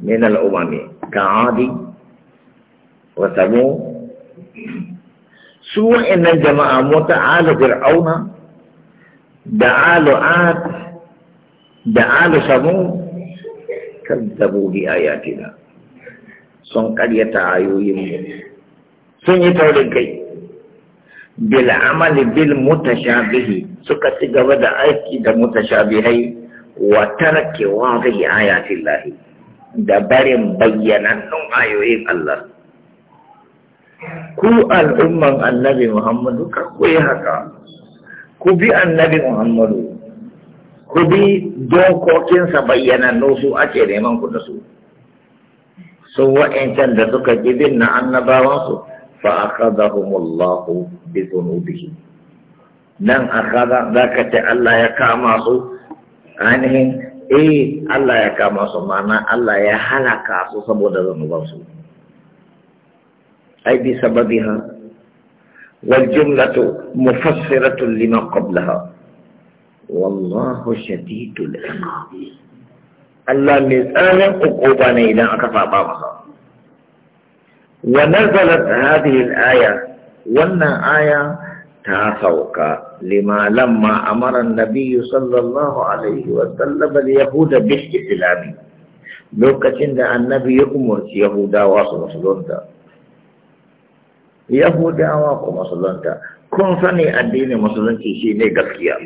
من الأمم كعاد وثمود سوء إن الجماعة متعال فرعون دعال عاد دعال ثمود كذبوا بآياتنا سنقل karyata ayoyinmu sun bil amali bil mutashabihi suka ci gaba da aiki da mutashabihai wa tarake wadi ayatin lahi da barin bayyanannun ayoyin Allah ku al'umman annabi Muhammadu kan ku yi haka ku bi annabi Muhammadu ku bi dokokinsa bayyanannu su ake neman ku da su sun wa'yancan da suka ji bin na annabawansu فأخذهم الله بذنوبهم نعم أخذ ذاك الله يكامسوا عنهم يعني، إي الله يكامسوا معنا الله يحلق سبب ذنوبهم أي بسببها والجملة مفسرة لما قبلها والله شديد العقاب الله مزانا أقوبان إلى أكفى بعضها ونزلت هذه الآية وأن آية تاسوك لما لما أمر النبي صلى الله عليه وسلم اليهود بالاستسلام lokacin da annabi ya umarci yahudawa su musulunta yahudawa ku musulunta kun sani addinin musulunci shi ne gaskiya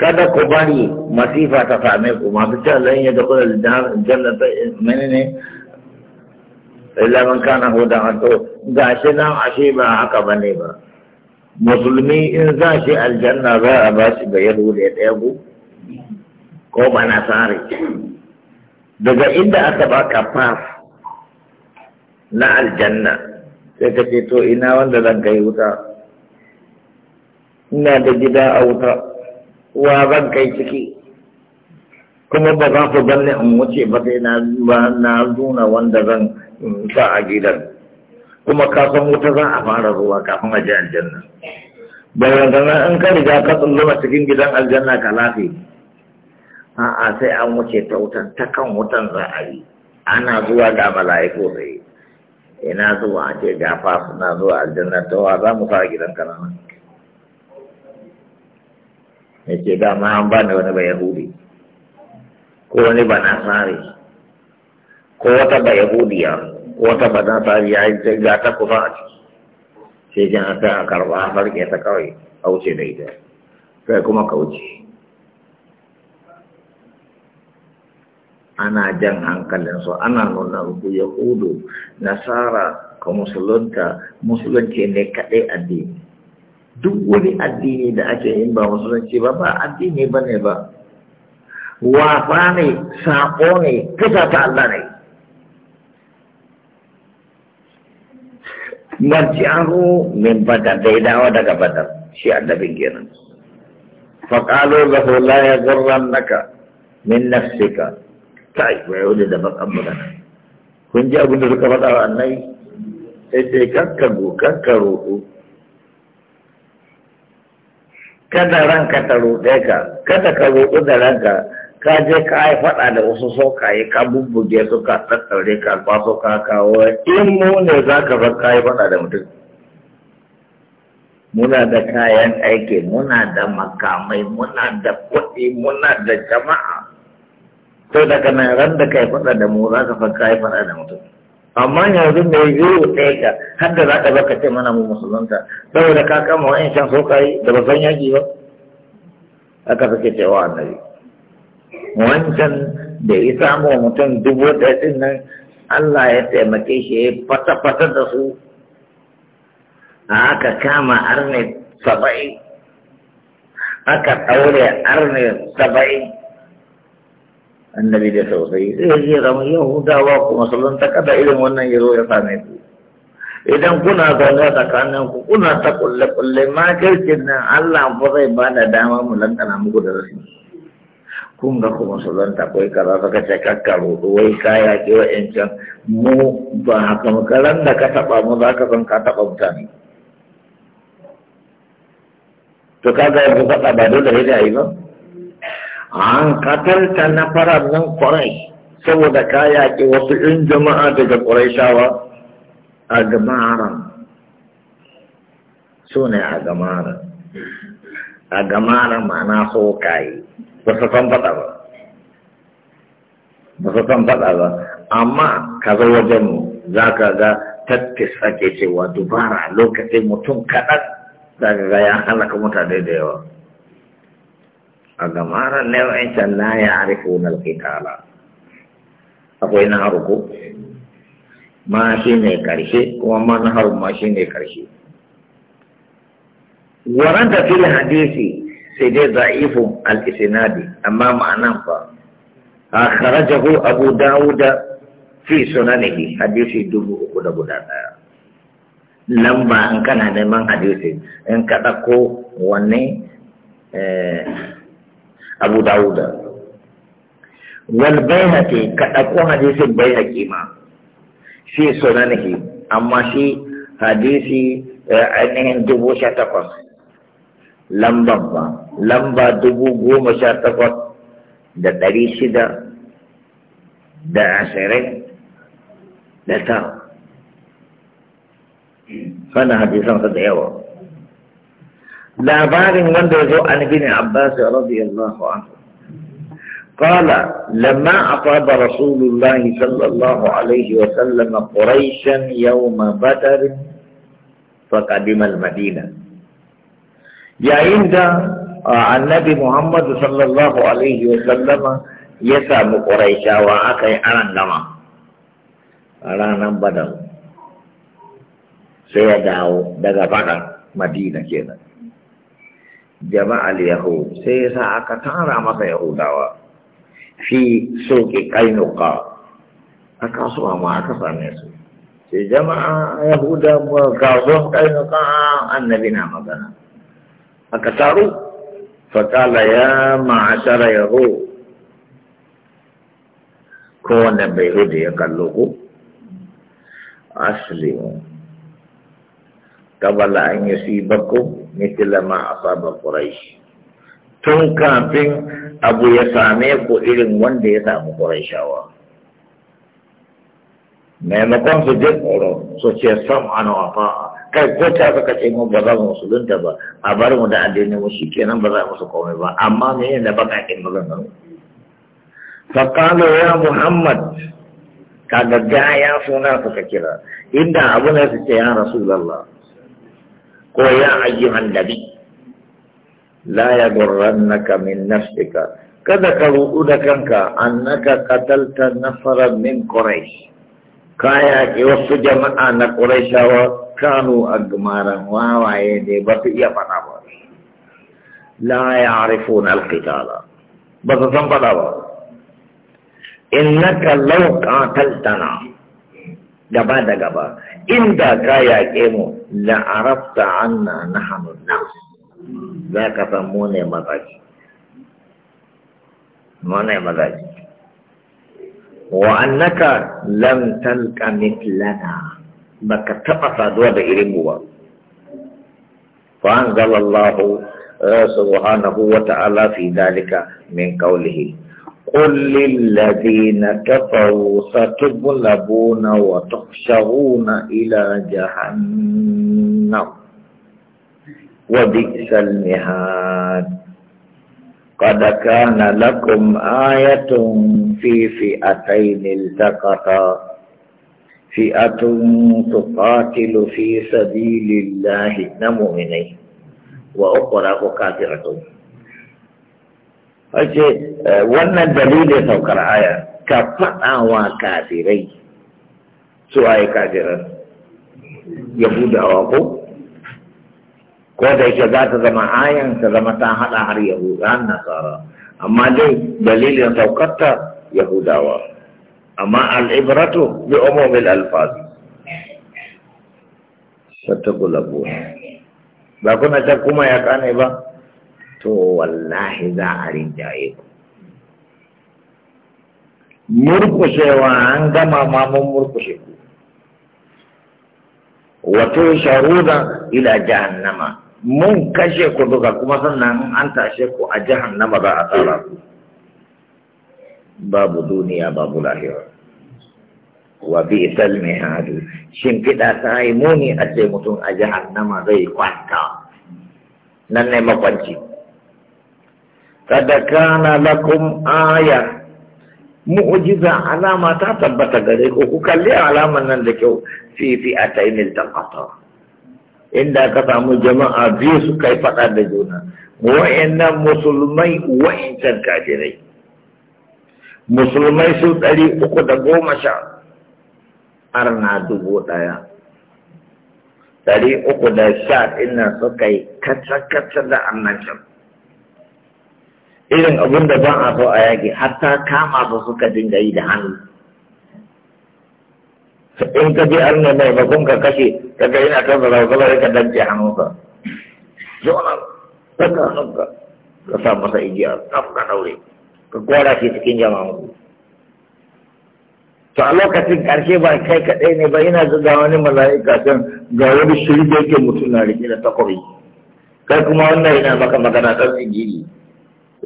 kada ku bari masifa ta same ku masu cewa lan ya dakula jannata menene illa man kana hudan to gashi nan ashe ba haka bane ba musulmi in za shi aljanna za a ba shi ga da ɗaya bu ko ba tsari. daga inda aka baka fas na aljanna sai ka ce to ina wanda zan kai wuta ina da gida a wuta wa zan kai ciki kuma ba za ku banne in wuce ba sai na nuna wanda zan sa a gidan kuma ka san wuta za a fara zuwa kafin a ji aljanna bayyana an ka riga ka tsallama cikin gidan aljanna ka lafi a'a sai an wuce ta wutan ta kan wutan za a yi ana zuwa ga mala'iku sai ina zuwa a ce gafa suna zuwa aljanna ta wa za mu fara gidan nan. ya ce dama an ni wani ba ko wani ba nasari ko wata ba yahudiya wata ba na yi ga ta kufa a ciki sai jan a sai a karba a farke ta kawai a da ita kuma kauce. ana jan hankalin su ana nuna ku yahudu nasara ka musulunta musulunci ne kaɗai addini duk wani addini da ake yin ba musulunci ba ba addini ba ne ba wafa ne saƙo ne kisa ta Allah ne marji'ahu min badar da dawo daga badar shi annabin kenan faƙalo ga hula ya gurran naka min nafsika kai wai wani da bakan magana kun ji abin da suka faɗa wa annai sai sai kakka go kakka roƙo kada ranka ta rudeka kada ka rudu da ranka ka je ka yi faɗa da wasu sokaye ka bubbuge su ka tattaure ka kwaso ka kawo in mu ne za ka bar ka yi faɗa da mutum muna da kayan aiki muna da makamai muna da kuɗi muna da jama'a to daga nan ran da ka yi faɗa da mu za ka fa ka yi faɗa da mutum amma yanzu mai yiwu ɗaya ka har da za ka zo ce mana mu musulunta saboda ka kama wa'in shan sokaye da ba san yaƙi ba aka sake cewa annabi wancan da ya samu mutum dubu ɗaɗin nan Allah ya taimake shi ya fata-fata da su a aka kama arne sabai, aka ɗaure arne sabai. annabi da sosai sai ya zama yahudawa kuma salon ta kada irin wannan ya zo ya same su idan kuna zaune tsakanin ku kuna ta kulle-kulle ma kirkin nan Allah ba zai ba da dama mu lantana muku da rasu kun ga kuma su zanta kai kaza suka ce karu wai kaya ke wa'yancan mu ba haka makaran da ka taɓa mu za ka san ka taɓa mutane to kaga yanzu faɗa ba dole sai da yi ba an katarta na farar nan kwarai saboda ka yaƙi wasu in jama'a daga kwarai shawa a gamara su ne a gamara a gamara ma'ana so kayi ba su san faɗa ba ba amma kaza zo za ga ake cewa dubara lokacin mutum kaɗan za ka ga eh, ya halaka mutane da yawa a gamaran na yawancin na ya arifu na kala. akwai na harko ma shi ne ƙarshe kuma ma na haru ma shi ne ƙarshe waranta fil hadisi sai dai za'ifun al-isnadi amma ma'anan fa akhrajahu abu dawud fi sunanihi hadisi dubu uku da guda daya lamba an kana neman hadisi in ka ɗauko wanne eh, abu dawud wal bayhaqi ka ɗauko hadisin bayhaqi ma fi sunanihi amma shi hadisi eh, ainihin dubu sha takwas lamban ba lamba dubu goma sha takwas da ɗari shida da ashirin da ta sana hadisansa da yawa labarin wanda ya zo an bin abbas radiyallahu an قال لما أصاب رسول الله صلى الله عليه وسلم قريشا يوم بدر فقدم المدينة yayin da annabi Muhammadu sallallahu alaihi wa sallama ya samu ƙuraishawa aka yi aran lama. a ranar badar sai ya dawo daga faɗan madina kenan jama'al yahud sai ya sa aka tara masa yahudawa fi soke kainuka a kasuwa ma aka same su sai jama'a yahuda kasuwan kainuka annabi na magana aka taru fakala ya ma'ashara yaho kowane bai hudu ya kallo ku aslimu kabala an yi su bakku mitila ma a saba ƙuraishi tun kafin abu ya same ku irin wanda ya samu ƙuraishawa maimakon su je tsoro su ce sam ana wafa'a kai ko ta ka kace mu ba za mu musulunta ba a bar mu da addinin mu shi kenan ba za mu su komai ba amma me ne da ba maganganu fa qala ya muhammad ga ya suna ka kira inda abu ne su ce ya rasulullah ko ya ayyuhan nabi la yadurrannaka min nafsika kada ka rudu da kanka annaka qatalta nafaran min quraish kaya ke wasu jama'a na quraishawa كانوا أجمارا وعيني بطيئة فنبر لا يعرفون القتال بس سنبر إنك لو قاتلتنا gaba da gaba inda ka yaƙe mu la'arabta anna na hannun za ka san mu ne mazaji mu ne mazaji wa annaka lam talqa mithlana baka taba saduwa da irin ba fa anzalallahu subhanahu wa ta'ala fi dalika min qawlihi قل للذين كفروا ستغلبون وتحشرون إلى جهنم وبئس المهاد قد كان لكم آية في فئتين التقطا فئة تقاتل في سبيل الله نمؤمني وأخرى كافرة أجي وأن الدليل فوق الآية كفأوا كافرين سواء كافرة يهود أوكو كوزي شذات زما آية زما تاهل أهل يهود أنا صار أما دليل فوق يهود أوكو Amma أما العبرة بعموم الألفاظ ستغلبون ba kuna ta kuma ya kane ba to wallahi za a rinjaye ku murkushewa an gama mamun mun murkushe ku wato sharuda ila jahannama mun kashe ku duka kuma sannan an tashe ku a jahannama za a tsara ku babu duniya babu lahira wa bi isal mihadu shin kida ta yi muni a ce mutum a jahannama zai kwanta nan ne makwanci kada kana lakum aya mu'jiza alama ta tabbata gare ku ku kalli alaman nan da kyau fi fi atainil taqata inda ka samu jama'a biyu suka yi fada da juna wa'annan musulmai wa'ancan kafirai musulmai su ɗari uku da goma sha arna dubu ɗaya ɗari uku da sha ina suka yi kata-kata da annancin irin abin da ban a so a yaƙi hatta kama su suka dinga yi da hannu in ka je an mai bakon ka kashe ka ga yana ta zara zara ka dance hannunsa zo nan ka hannunka ka sa masa igiya ka daure ka gora ke cikin jama'a. to a lokacin ƙarshe ba kai kaɗai ne ba ina zuga wani mala'ika can ga wani shiri da yake mutum na rike da takobi kai kuma wannan yana maka magana ta tsigiri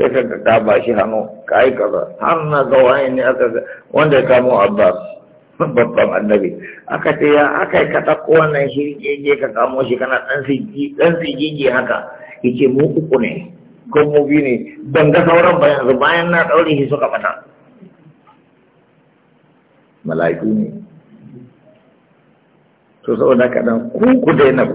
sai ka ka ba shi hannu ka yi kaza har na ga wani ne aka ga wanda ya kamo abbas babban annabi aka ce ya aka yi kata ko wannan shirgege ka kamo shi kana ɗan tsigigi haka yake mu uku ne gomobi ne ban ga sauran ba yanzu bayan na ɗaure shi suka ɓata mala'iku ne to saboda kaɗan ku ku daina nak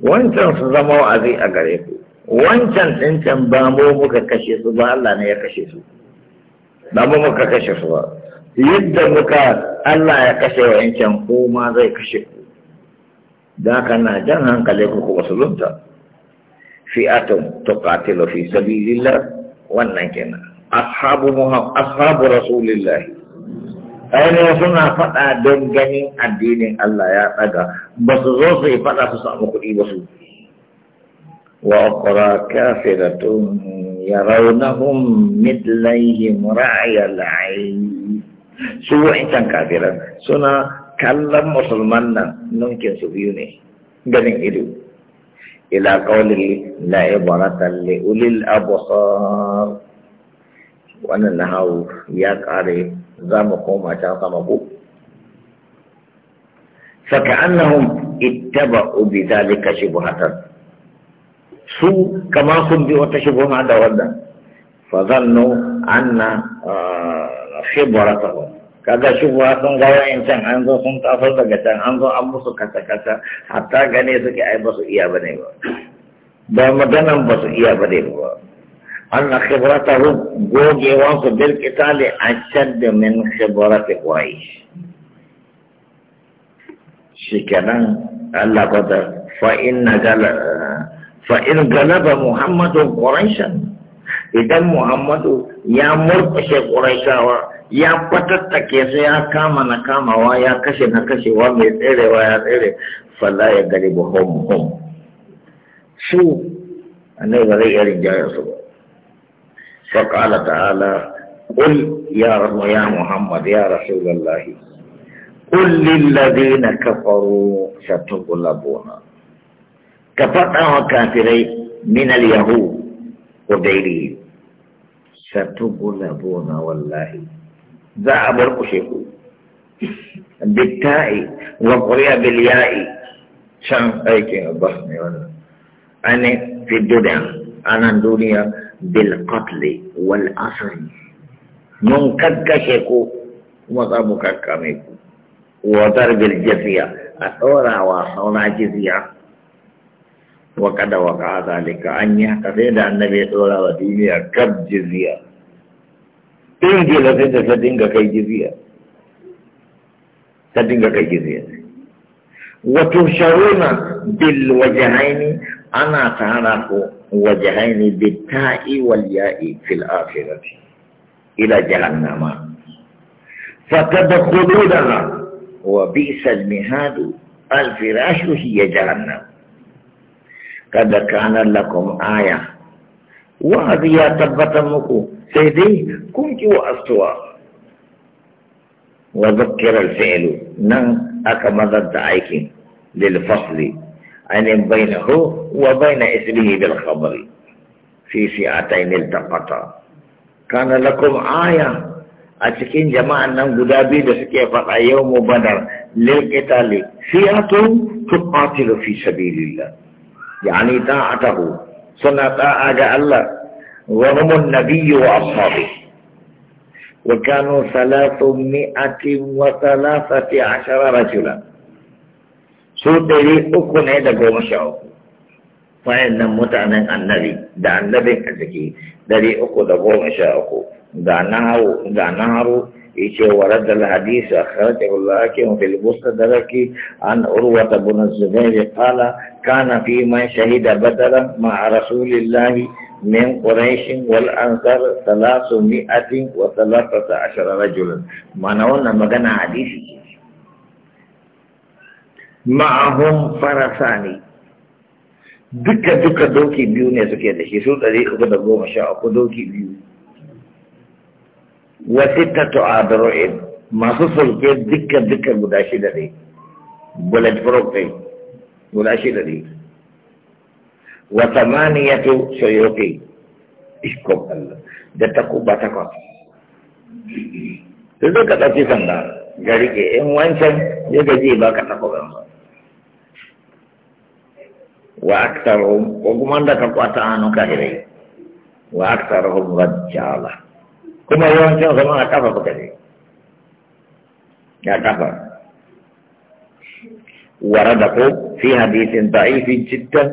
wancan su zama wa'azi a gare ku wancan ɗincan ba muka kashe su ba Allah ni ya kashe su Bambu muka kashe su ba yadda muka Allah ya kashe wa yancan ko zai kashe ku da haka na jan hankali ku ku musulunta fi'atun tuqatilu fi sabilillah wannan kenan ashabu muhammad ashabu rasulillah ainihin suna faɗa don ganin addinin Allah ya tsaga ba su zo su yi faɗa su samu kuɗi ba su wa ukra kafiratun yarawnahum midlayhim ra'yal ayn su wa'incan kafiran suna kallon musulman nan nunkin su biyu ne ganin ido إلى قوله لا عبرة لأولي الأبصار وأنا نهاو ياك علي زامكم أتاقمكم فكأنهم اتبعوا بذلك شبهة سو كما صدوا وتشبهوا هذا وذا فظنوا أن آه، خبرتهم kaga shubha sun ga wayancan an zo sun taso daga can an zo an musu kasa-kasa hatta gane suke ai ba su iya ba ne ba ba maganan ba su iya ba ne ba an na khibrata hu gogewa su bil qitali ashad min khibrati quraish shikenan Allah kadar fa inna gala fa in galaba muhammadu quraishan idan muhammadu ya murkushe quraishawa ya fatattake su ya kama na kamawa ya kashe na kashewa mai tserewa ya tsere falla ya gari ba hom hom su annai ba zai iya rinjaya su ba faƙala ta'ala قل يا رب يا محمد يا رسول الله قل للذين كفروا ستغلبون كفرنا وكافرين من اليهود وغيرهم ستغلبون والله za a bar ku sheku. bitta'i wa quriya bil ya'i can aikin abbas ne wannan ane fi duniya anan duniya bil qatli wal asri mun kakkashe ku kuma za mu kakkame ku wa darbil jafiya a ɗorawa sauna jiziya wa kada wa ka zalika an yi haka sai da annabi ya ɗora wa duniya kab jiziya ingila sai da ta dinga kai jiziya ta dinga kai jiziya wato sharuna bil wajahaini ana tara ko wajahaini bil ta'i wal ya'i fil akhirati ila jahannama فتدخلونها وبئس المهاد الفراش هي جهنم قد كان لكم آية wa'azi ya tabbatar muku sai dai kun ki wa'astuwa wa zakirar fi'lu nan aka mazar da aikin lil fasli ainihin bainahu wa baina ismihi bil khabari fi fi'atain iltaqata kana lakum aya a cikin jama'an nan guda biyu da suke faɗa yau mu badar lil qitali fi'atun tuqatilu fi sabilillah yani ta'atahu suna ta'a ga Allah wa humun nabiyyu wa ashabi wa kanu salatu mi'ati wa salasati ashara rajula su ɗari uku ne da goma sha uku nan mutanen annabi da annabin a ciki ɗari uku da goma sha uku ga naharu إيش ورد الحديث أخرجه الله كم في المستدرك عن أروة بن الزبير قال كان في من شهد بدرا مع رسول الله من قريش والأنصار ثلاث مئة وثلاثة عشر رجلا ما نقولنا مجانا حديث معهم فرساني دكة دكة دوكي بيو نسكي دشي سوط أليك قد أبو مشاء قدوكي بيوني وستة آدرائب مخصوص كي دكة دكة مداشدة دي بلد فروق دي مداشدة دي وثمانية سيوتي اشكوب الله دتكو باتكو تدو كتا تسان دا جاري كي ام وانسان يدو جي با كتا كو بانسان وأكثرهم وكمان دكا كواتا آنو كهري وأكثرهم رجالة kuma yawancin zama a kafa suka je ya kafa ورده في حديث ضعيف جدا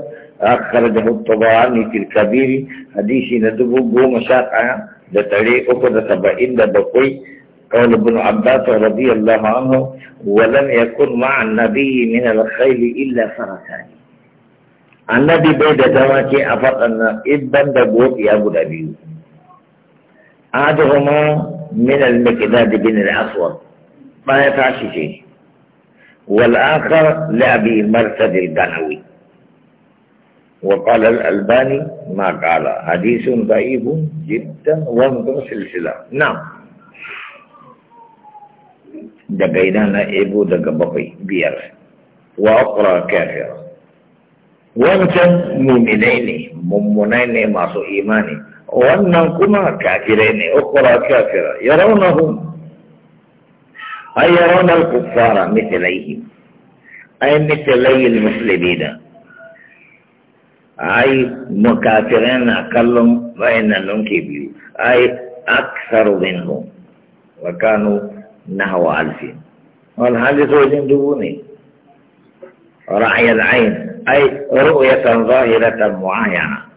أخرجه الطبراني في الكبير حديث ندبو قوم شاقع لتري أخذ سبعين دبقي قال ابن عباس رضي الله عنه ولم يكن مع النبي من الخيل إلا فرسان النبي بيد دواكي أفضل إبن دبوك يا أبو نبيه أحدهما من المقداد بن الأسود ما يفعش شيء والآخر لأبي مرتد الجنوي وقال الألباني ما قال حديث ضعيف جدا وانظر سلسلة نعم دقينانا إبو دقبقي بير وأقرأ كافرة وانتم مؤمنين مؤمنين ما سو إيماني wannan kuma kafirai ne ukura kafira yarawnahu ay yarawna al-kuffara mithlaihim ay mithlai al-muslimina ay mukafirin akallum bayanan lunki biyu ay aktharu minhum wa kanu nahwa alfin wal hadithu wajen dubu ne ra'ayal ayn ay ru'yatan zahiratan mu'ayyana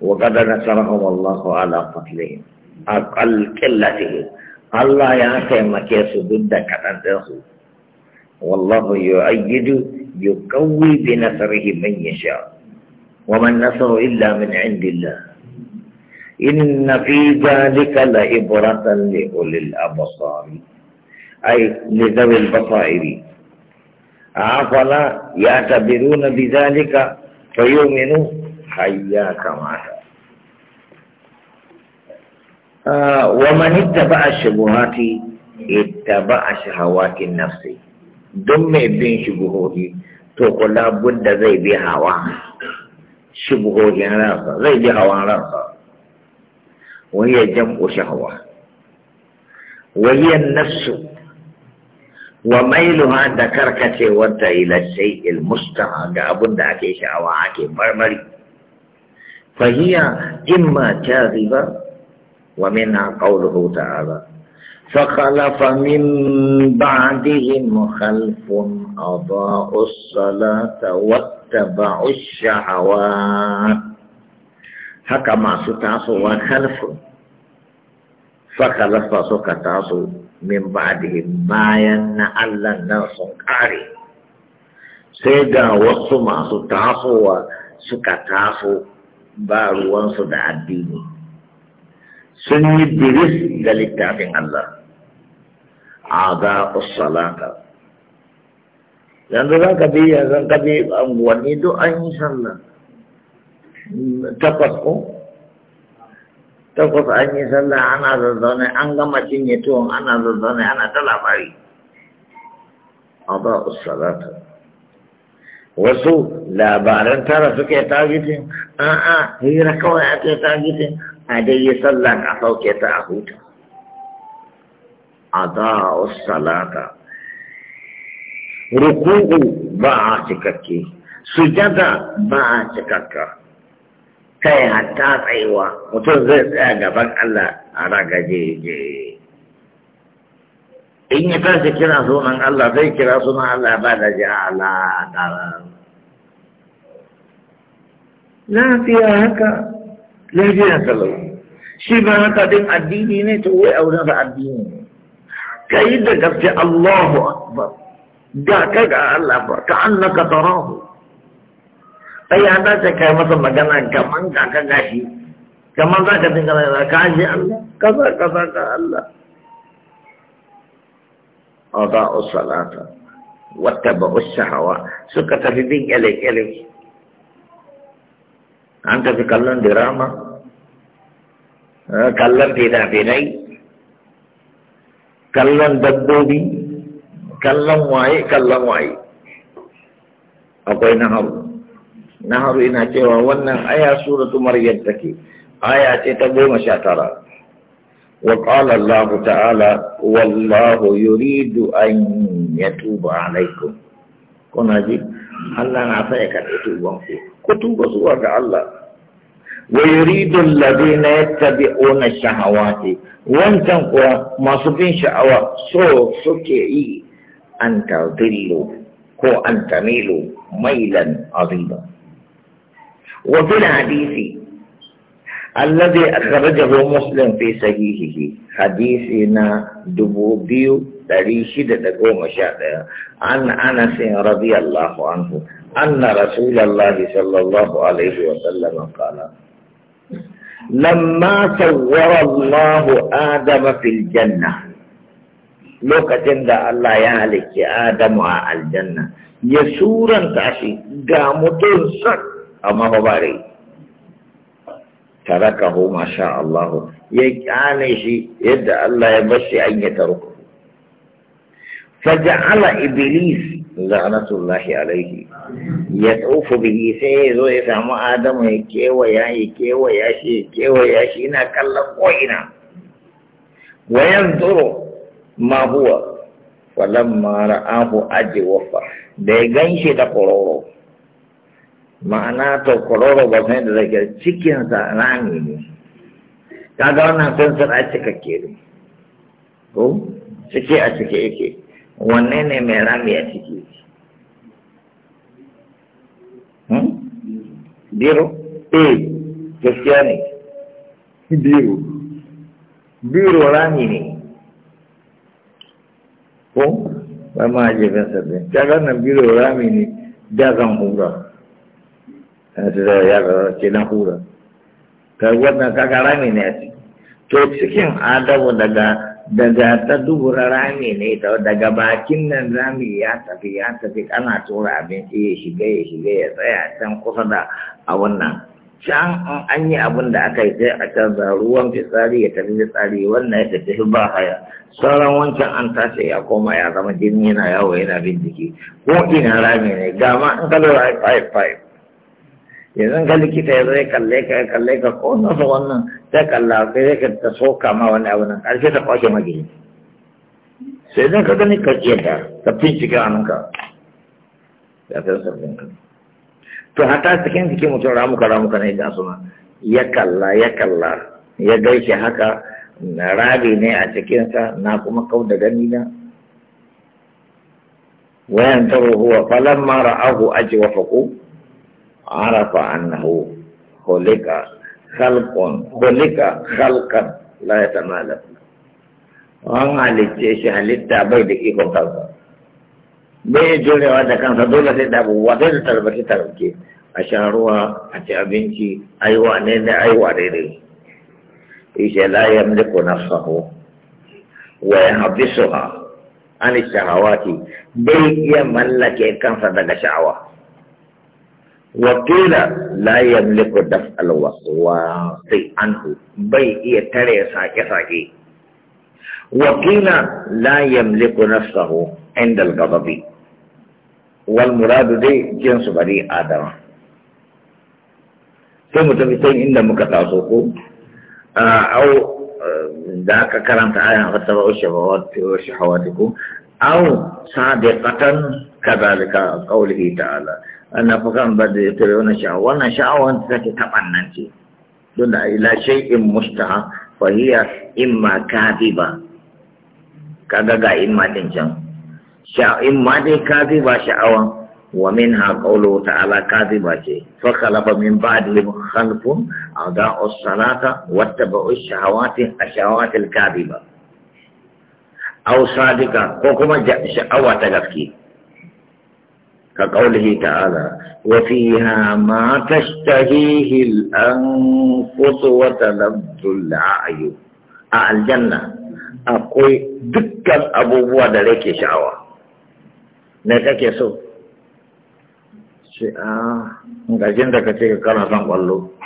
وقد نصرهم الله على قتلهم أقل قلته الله يعتم كيس ضد كتنته والله يؤيد يقوي بنصره من يشاء وما النصر إلا من عند الله إن في ذلك لعبرة لأولي الأبصار أي لذوي البصائر أفلا يعتبرون بذلك فيؤمنون har kamata ah, wa manitta ba a shigo hati ita ba a shahawakin nafsi don mai bin shigohori to kula budda zai bi hawa shigohorin ransa zai bi hawan ransa wani ya jam'u shahawa waliyan nafsu wa mailuha da karkacewar ta ila shay'il mustaha ga abin da ake sha'awa ake marmari فهي إما كاذبة ومنها قوله تعالى فخلف من بعدهم خلف أضاءوا الصلاة واتبعوا الشهوات هكا ما ستعصوا وخلف فخلف سكتاسو من بعدهم ما ينعل الناس قاري سيدا وصما ستعصوا وسكتاسو ba ruwansu da addini sun yi diris ga littafin Allah a ga salata yanzu za ka bi yanzu ka bi anguwanni duk an yi sallah takwas ko takwas an yi sallah ana zazzaune an gama cinye tuwon ana zazzaune ana ta labari a ba salata wasu labaran tara suke tagitin a'a hira kawai ake tagitin a dai yi sallah a sauke ta a huta a salata Rukuku ba a cikakke sujada ba a cikakka kai hatta tsayuwa mutum zai tsaya gaban Allah a ragaje je in ya tashi kira sunan Allah zai kira sunan Allah ba da ji ala lafiya haka lafiya kalau shi ba haka din addini ne to wai a wurin addini ne kai da gaske Allahu akbar ga kai ga Allah ba ka annaka tarahu ai ya ta kai masa magana kaman ga ka gashi kaman za ka dinga ka ji Allah ka kaza ka Allah ọba Suka tafi ọsàwà sọkàtà fífi kẹlẹkẹlẹ anta fi kàlọ ndirama kàlọ ndinabinayi kàlọ ndagbobi kàlọ nwaye kàlọ nwaye akwai naharu naharu ina cewa wannan aya suratu maryam take aya ce ta goma sha tara. وقال الله تعالى والله يريد أن يتوب عليكم كنا جي الله نعفيك يتوب كتوب سواك الله ويريد الذين يتبعون الشهوات وانتم قوى ما سبين شعوى سو سكي أن تضلوا كو أن تميلوا ميلا عظيما وفي الحديث alladhi akhrajahu muslim fi sahihihi hadisi na dubu biyu dari shida da goma sha daya an ana sin radiyallahu anhu anna rasulullah sallallahu alaihi wa sallam qala lamma sawwara allah adam lokacin da Allah ya halicci Adamu a aljanna ya suranta shi ga mutum sak a mababare. tarakahu masha sha Allah ya kyale shi yadda Allah ya bashi an ya tarko faja'ala iblis la'natullahi alaihi ya tsofu bihi sai ya zo ya samu adamu ya kewaya ya kewaya shi ya kewaya shi ina kallon ko'ina wa yanzuru ma huwa falamma ra'ahu ajwafa da ya ganshi da kororo ma'ana to kororo ba sai da zai cikinsa rami ne kaga wannan sensor a cikakke ne ko cike a cike yake wanne ne mai rami a ciki biro eh gaskiya ne biro biro rami ne ko ba ma ajiyar sabbin kaga wannan biro rami ne da zan hura da ya ce na hura ta wannan kaga rami ne a to cikin adabu daga daga ta ra rami ne ta daga bakin nan rami ya tafi ya tafi ana tura abinci ya shiga ya shiga ya tsaya can kusa da a wannan can an yi abin da aka yi sai a canza ruwan fitsari ya tafi fitsari wannan ya tafi ba haya sauran wancan an tashi ya koma ya zama jini yana yawo yana bin jiki ko ina rami ne gama in ka lura 5 yanzu ga likita ya zai kalle ka ya kalle ka ko nasa wannan sai kalla sai zai ta soka ma wani abu nan ƙarshe ta kwace magini sai zan ka gani ka ce ta ka fincike a nan ka ya ta sabbin ka to hata cikin jikin mutum ramuka ramuka na idan suna ya kalla ya kalla ya gaishe haka na rabi ne a cikinsa na kuma kau da gani na wayan taro huwa falon mara ahu aji wa faku عرف أنه خلق خلق خلق خلقا لا يتمالك an halicce shi halitta bai da ikon Me bai jurewa da kansa dole sai da abubuwa sai da tarbace tarbace a sha ruwa a ci abinci aiwa ne da aiwa daidai ishe la yamliku nafsahu wa yahbisuha an shahawati bai iya mallake kansa daga sha'awa وقيل لا يملك دفع الوسواس عنه بي يتري ساكي ساكي وقيل لا يملك نفسه عند الغضب والمراد دي جنس بني آدم ثم تبتين إن مكتاسوكو آه، أو آه، ذاك كرمت آية فتبعوا الشهوات وشهواتكم أو صادقة كذلك قوله تعالى annafakan ba da ita wannan sha'awa wannan sha'awan ta take nan ce don da ila shay'in mustaha fa hiya imma kadhiba kaga ga imma din can sha'in ma dai kadhiba sha'awa? wa min ha qawlu ta'ala kadhiba ce fa ba min ba ba'dihim khalfun ada'u as-salata wattaba'u ash-shahawati shahawati al-kadhiba aw sadiqa ko kuma sha'awa ta gaske. كقوله تعالى وفيها ما تشتهيه الأنفس وتلذ الأعين الجنة أقول دكا أبو بواد لك شعوة نتاكي سو شعا نتاكين تكتيك كان سنقلو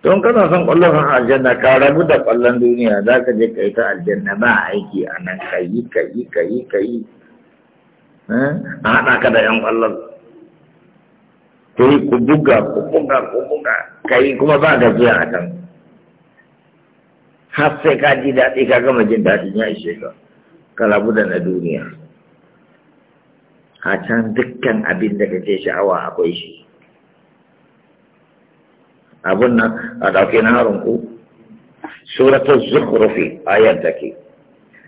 don kana son kwallon a aljanna ka rabu da kwallon duniya za ka je ka yi ta aljanna ba aiki a nan ka yi ka yi ka yi ka yi Eh? a haɗa ka da 'yan ƙwallon ku yi ku buga ku buga ku buga ka yi kuma ba gajiya a can har sai ka ji daɗi ka gama jin daɗin ya ishe ka ka rabu da na duniya a can dukkan abin da kake sha'awa akwai shi abun nan a ɗauke na harinku suratun zukurufi ayar take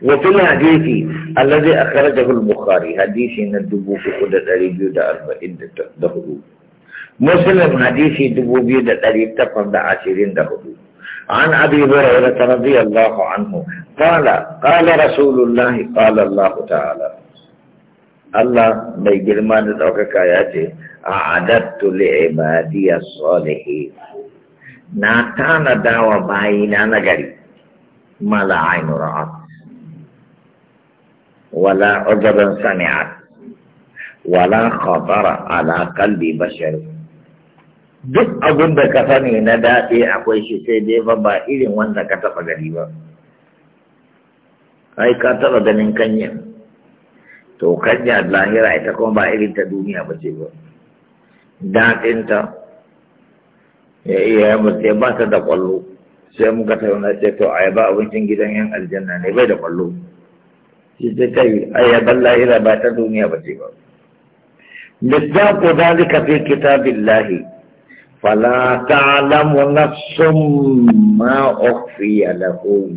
وفي الحديث الذي أخرجه البخاري حديث الدبو في قد تريبيو دا أربعين دخلو مسلم حديث دبو بيو دا تريب تقر دا عشرين دخلو عن أبي هريرة رضي الله عنه قال قال رسول الله قال الله تعالى الله مي جرمان دوكك كاياتي أعددت لعبادي الصالحين ناتانا داوى باينا جري ما لا عين رعاك wala ojaban sami'at wala khatara ala qalbi bashar duk abin da ka sani na daɗi akwai shi sai dai ba ba irin wanda ka taɓa gani ba ai ka taɓa ganin kanya to kanya lahira ita kuma ba irin ta duniya ba ce ba daɗinta ya iya ya ba ta da ƙwallo sai muka tauna ce to a ba abincin gidan yan aljanna ne bai da ƙwallo sai kai ayyaban lahira ba ta duniya ba ce ba misdaqu zalika fi kitabillahi fala ta'lamu nafsun ma ukhfiya lahum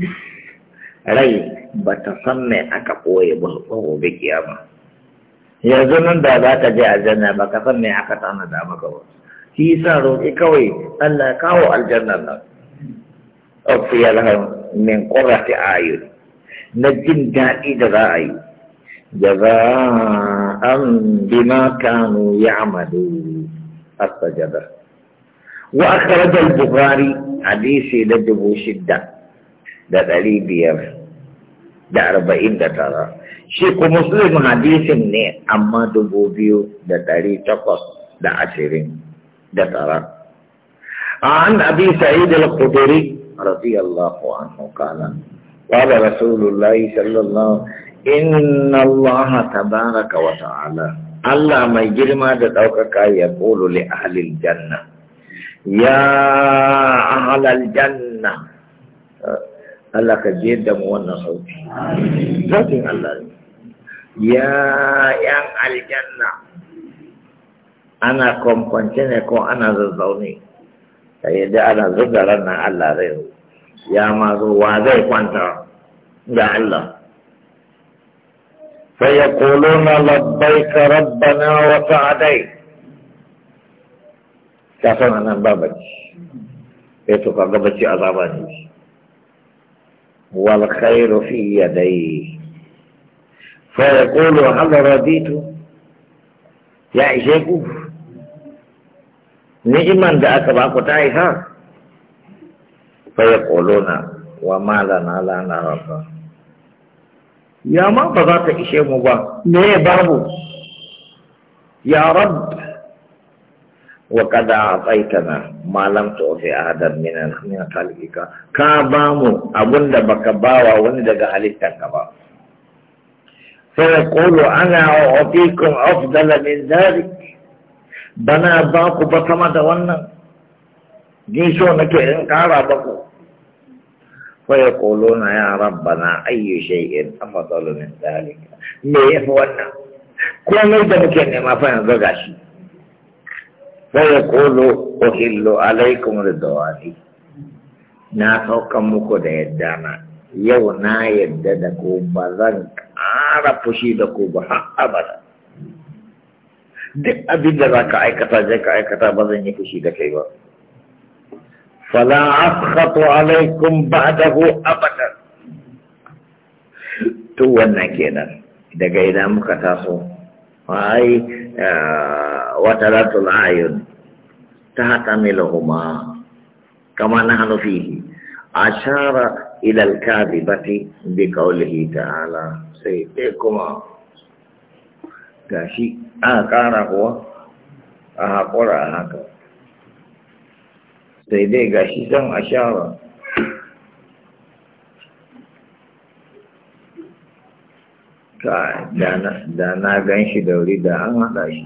rai ba ta san me aka koye ba gobe kiyama yanzu nan da za ka je aljanna ba ka san me aka tanada maka ba shi yasa roƙi kawai Allah kawo aljanna nan ukhfiya lahum min qurrati ayun نجم دائي دغائي جزاء بما كانوا يعملوا أستجد وأخرج البخاري حديث لجب شدة دغلي بير دأربعين دترى شيخ مسلم حديث ني أما دبوبيو دتري تقص دعشرين دترى عن أبي سعيد الخدري رضي الله عنه قال قال رسول الله صلى الله إن الله تبارك وتعالى الله ما يجرم دوكك يقول لأهل الجنة يا أهل الجنة الله كجيد موانا صوتي صوتي الله يا يا الجنة أنا كم كنت أنا زوزوني سيدي أنا زوزة لنا الله ريو ya ma zo wa zai kwanta ga Allah فيقولون لبيك ربنا وسعديك كفن أنا نعم بابك إيتو كغبتي أزاباني والخير في يدي فيقول هل رضيت يا إشيكو نعما دعك باكو تايها fayaquluna wa lana ya ma ba za ta ishe mu ba me babu ya rab wa qad a'taytana ma malam tu'ti ahadan min min khalqika ka ba mu da baka bawa wani daga ka ba ana فيقول أنا zari Bana ba ku ba sama da wannan. ni so nake in kara baku فيقولون يا ربنا أي شيء أفضل من ذلك ما يفوتنا shi. Fa ما فينزغش فيقول أحل alaikum رضواني na saukan muku da yadda na yau na yadda da ku ba zan ƙara fushi da ku ba har abada duk abin da za ka aikata zai ka aikata ba zan yi fushi da kai ba فلا أسخط عليكم بعده أبدا تونا كينا إذا قيدا مكتاسو هاي آه، وتلات العيون تحتملهما كما نحن فيه أشار إلى الكاذبة بقوله تعالى سيئكما كاشي أكاره آه، هو أكاره أكاره sai dai ga shi zan ashara da na gan shi da wuri da an haɗa shi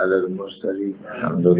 على المرسلين الحمد لله